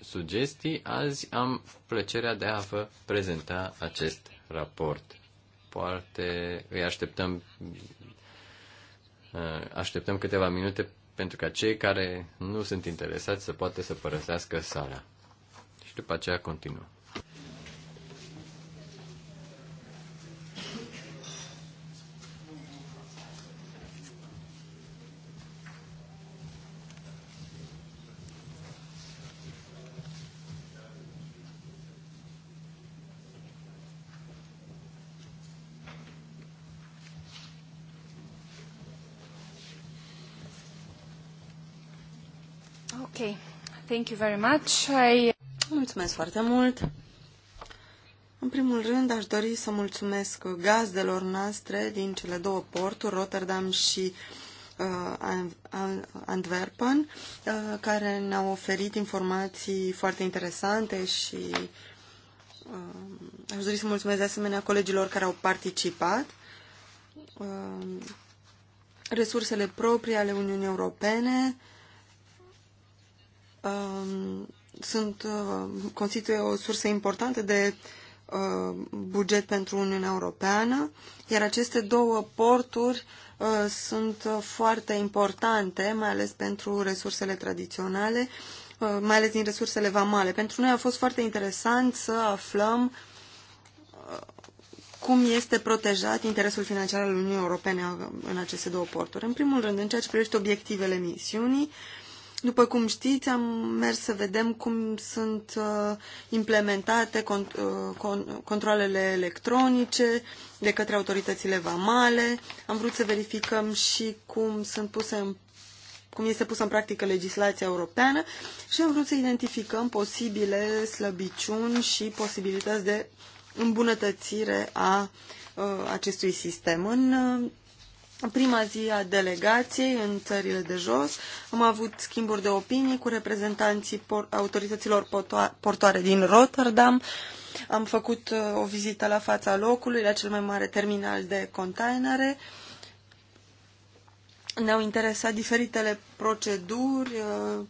sugestii. Azi am plăcerea de a vă prezenta acest raport. Poate îi așteptăm, uh, așteptăm câteva minute pentru ca cei care nu sunt interesați să poată să părăsească sala. Și după aceea continuăm. Thank you very much. I... Mulțumesc foarte mult. În primul rând, aș dori să mulțumesc gazdelor noastre din cele două porturi, Rotterdam și uh, Antwerpen, uh, care ne-au oferit informații foarte interesante și uh, aș dori să mulțumesc de asemenea colegilor care au participat. Uh, resursele proprii ale Uniunii Europene uh, Ehm, sunt, uh, constituie o sursă importantă de uh, buget pentru Uniunea Europeană, iar aceste două porturi uh, sunt foarte importante, mai ales pentru resursele tradiționale, uh, mai ales din resursele vamale. Pentru noi a fost foarte interesant să aflăm cum este protejat interesul financiar al Uniunii Europene în aceste două porturi. În primul rând, în ceea ce privește obiectivele misiunii, uh, după cum știți, am mers să vedem cum sunt uh, implementate con- uh, con, controlele electronice de către autoritățile vamale. Am vrut să verificăm și cum, sunt puse în, cum este pusă în practică legislația europeană și am vrut să identificăm posibile slăbiciuni și posibilități de îmbunătățire a uh, acestui sistem. În uh, în prima zi a delegației în țările de jos am avut schimburi de opinii cu reprezentanții autorităților portoare din Rotterdam. Am făcut uh, o vizită la fața locului, la cel mai mare terminal de containere. Ne-au interesat diferitele proceduri, uh,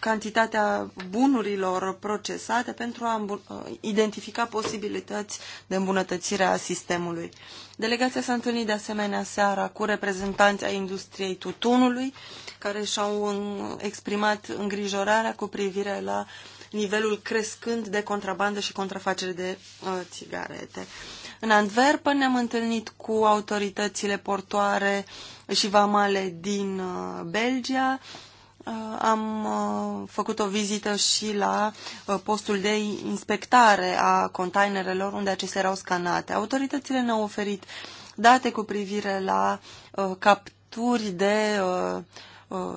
cantitatea bunurilor procesate pentru a uh, identifica posibilități de îmbunătățire a sistemului. Delegația s-a întâlnit de asemenea seara cu reprezentanții ai industriei tutunului, care și-au exprimat îngrijorarea cu privire la nivelul crescând de contrabandă și contrafacere de uh, țigarete. În Antwerpen ne-am întâlnit cu autoritățile portoare și vamale din uh, Belgia, Uh, am uh, făcut o vizită și la uh, postul de inspectare a containerelor unde acestea erau scanate. Autoritățile ne-au oferit date cu privire la capturi de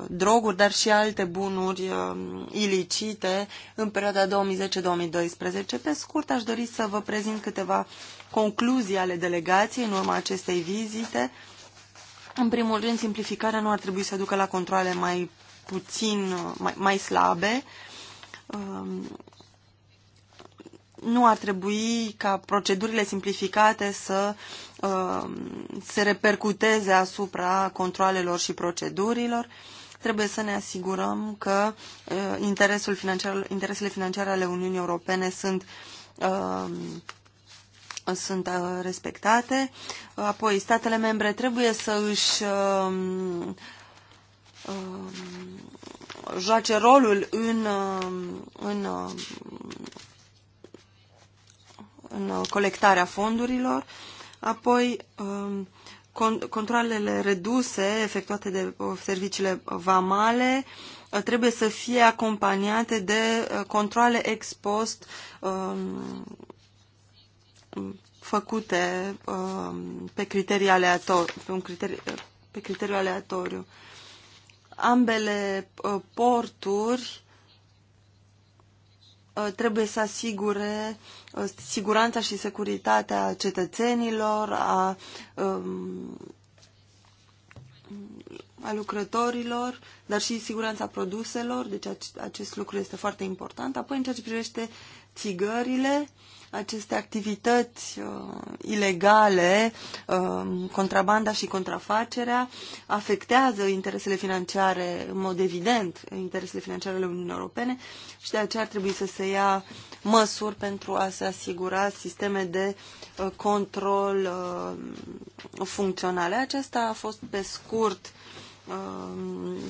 droguri, dar și alte bunuri um, ilicite în perioada 2010-2012. Pe scurt, aș dori să vă prezint câteva concluzii ale delegației în urma acestei vizite. În primul rând, simplificarea nu ar trebui să ducă la controle mai puțin uh, mai, mai slabe, um, nu ar trebui ca procedurile simplificate să um, se repercuteze asupra controlelor și procedurilor. Trebuie să ne asigurăm că uh, interesul financiar, interesele financiare ale Uniunii Europene sunt um, sunt uh, respectate. Apoi, statele membre trebuie să își Um, joace rolul în, um, în, um, în colectarea fondurilor, apoi controlele reduse efectuate de uh, serviciile vamale uh, trebuie să fie acompaniate de uh, controle ex post făcute pe criterii aleatoriu, pe, un criteri, pe criteriu aleatoriu ambele uh, porturi uh, trebuie să asigure uh, siguranța și securitatea cetățenilor, a, um, a lucrătorilor, dar și siguranța produselor, deci acest lucru este foarte important. Apoi, în ceea ce privește țigările, aceste activități uh, ilegale, uh, contrabanda și contrafacerea, afectează interesele financiare, în mod evident, interesele financiare ale Uniunii Europene și de aceea ar trebui să se ia măsuri pentru a se asigura sisteme de uh, control uh, funcționale. Aceasta a fost pe scurt uh,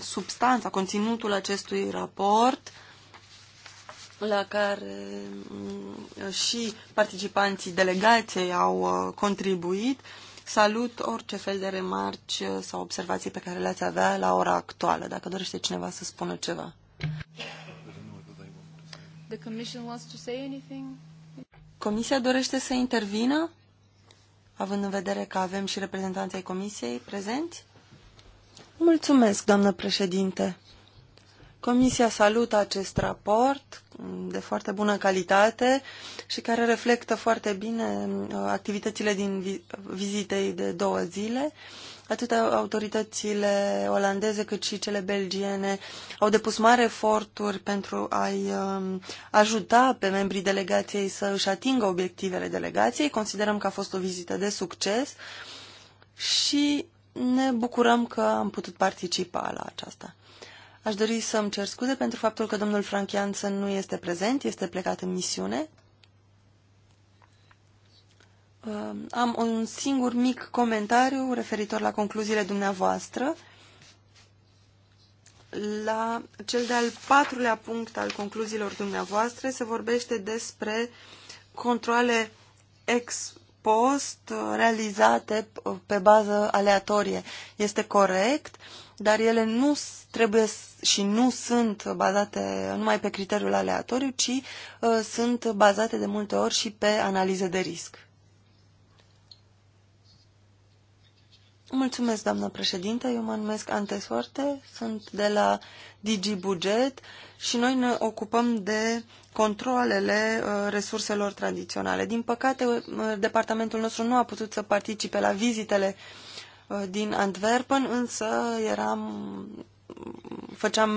substanța, conținutul acestui raport. Uh, la care mm, și participanții delegației au uh, contribuit. Salut orice fel de remarci uh, sau observații pe care le-ați avea la ora actuală, dacă dorește cineva să spună ceva. The commission wants to say anything? Comisia dorește să intervină, având în vedere că avem și reprezentanții Comisiei prezenți? Mulțumesc, doamnă președinte. Comisia salută acest raport de foarte bună calitate și care reflectă foarte bine uh, activitățile din vizitei de două zile. Atât autoritățile olandeze cât și cele belgiene au depus mari eforturi pentru a-i um, ajuta pe membrii delegației să își atingă obiectivele delegației. Considerăm că a fost o vizită de succes și ne bucurăm că am putut participa la aceasta. Aș dori să-mi cer scuze pentru faptul că domnul Frank Janssen nu este prezent, este plecat în misiune. Uh, am un singur mic comentariu referitor la concluziile dumneavoastră. La cel de-al patrulea punct al concluziilor dumneavoastră se vorbește despre controle ex post uh, realizate uh, pe bază aleatorie. Este corect, dar ele nu trebuie și nu sunt bazate numai pe criteriul aleatoriu, ci uh, sunt bazate de multe ori și pe analize de risc. Mulțumesc, doamnă președinte. Eu mă numesc Ante sunt de la DigiBuget și noi ne ocupăm de controlele uh, resurselor tradiționale. Din păcate, uh, departamentul nostru nu a putut să participe la vizitele uh, Uh, din Antwerpen, însă eram, făceam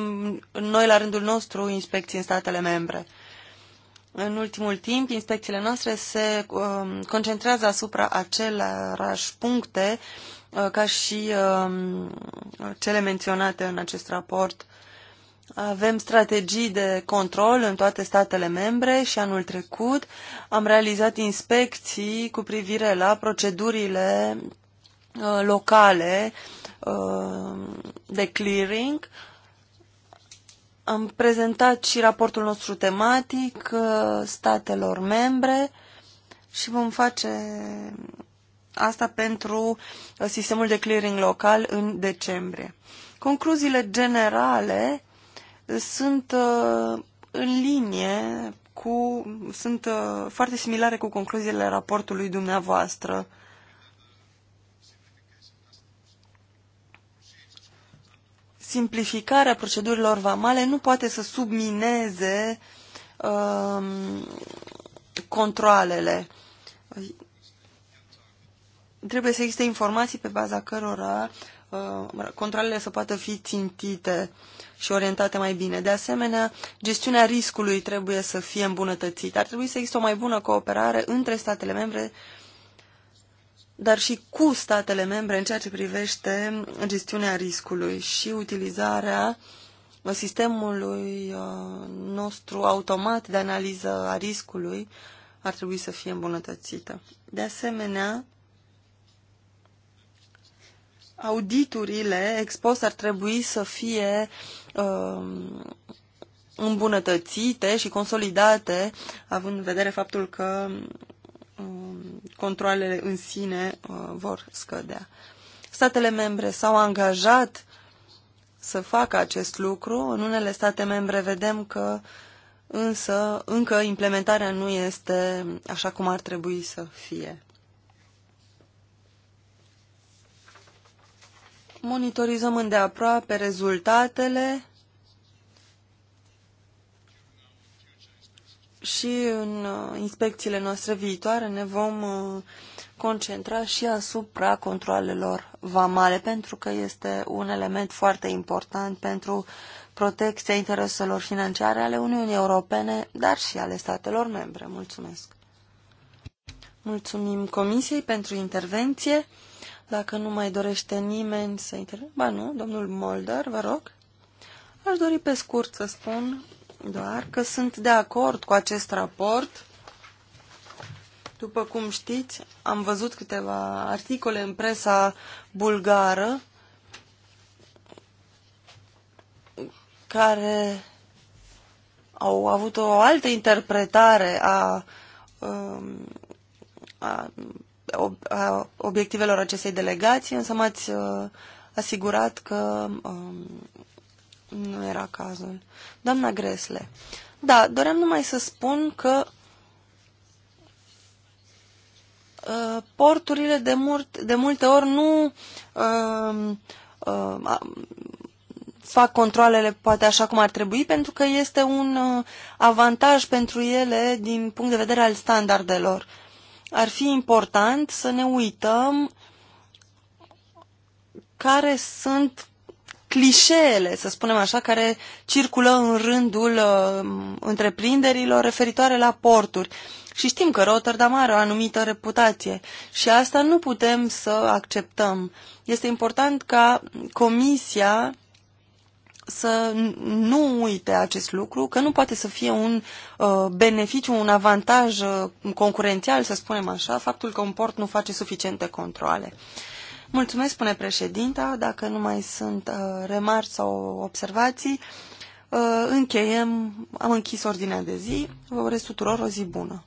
noi la rândul nostru inspecții în statele membre. În ultimul timp, inspecțiile noastre se um, concentrează asupra acelorași puncte uh, ca și um, cele menționate în acest raport. Avem strategii de control în toate statele membre și anul trecut am realizat inspecții cu privire la procedurile Uh, locale uh, de clearing. Am prezentat și raportul nostru tematic uh, statelor membre și vom face asta pentru sistemul de clearing local în decembrie. Concluziile generale sunt în linie cu, sunt foarte similare cu concluziile raportului dumneavoastră. simplificarea procedurilor vamale nu poate să submineze um, controlele. Trebuie să existe informații pe baza cărora uh, controlele să poată fi țintite și orientate mai bine. De asemenea, gestiunea riscului trebuie să fie îmbunătățită. Ar trebui să existe o mai bună cooperare între statele membre uh, dar și cu statele membre în ceea ce privește gestiunea riscului și utilizarea sistemului uh, nostru automat de analiză a riscului ar trebui să fie îmbunătățită. De asemenea, auditurile expos ar trebui să fie uh, îmbunătățite și consolidate, având în vedere faptul că Um, controlele în sine uh, vor scădea. Statele membre s-au angajat să facă acest lucru. În unele state membre vedem că însă încă implementarea nu este așa cum ar trebui să fie. Monitorizăm îndeaproape rezultatele și în uh, inspecțiile noastre viitoare ne vom uh, concentra și asupra controalelor vamale, pentru că este un element foarte important pentru protecția intereselor financiare ale Uniunii Europene, dar și ale statelor membre. Mulțumesc! Mulțumim Comisiei pentru intervenție. Dacă nu mai dorește nimeni să intervină, ba nu, domnul Molder, vă rog. Aș dori pe scurt să spun doar că sunt de acord cu acest raport. După cum știți, am văzut câteva articole în presa bulgară care au avut o altă interpretare a, um, a, a obiectivelor acestei delegații, însă m-ați uh, asigurat că um, nu era cazul. Doamna Gresle, da, doream numai să spun că uh, porturile de, mult, de multe ori nu um, uh, uh, fac controlele poate așa cum ar trebui, pentru că este un uh, avantaj pentru ele din punct de vedere al standardelor. Ar fi important să ne uităm care sunt clișeele, să spunem așa, care circulă în rândul uh, întreprinderilor referitoare la porturi. Și știm că Rotterdam are o anumită reputație și asta nu putem să acceptăm. Este important ca Comisia să nu uite acest lucru, că nu poate să fie un uh, beneficiu, un avantaj uh, concurențial, să spunem așa, faptul că un port nu face suficiente controle. Uh, Mulțumesc, spune președinta. Dacă nu mai sunt uh, remarci sau observații, uh, încheiem, am închis ordinea de zi. Vă urez tuturor o zi bună.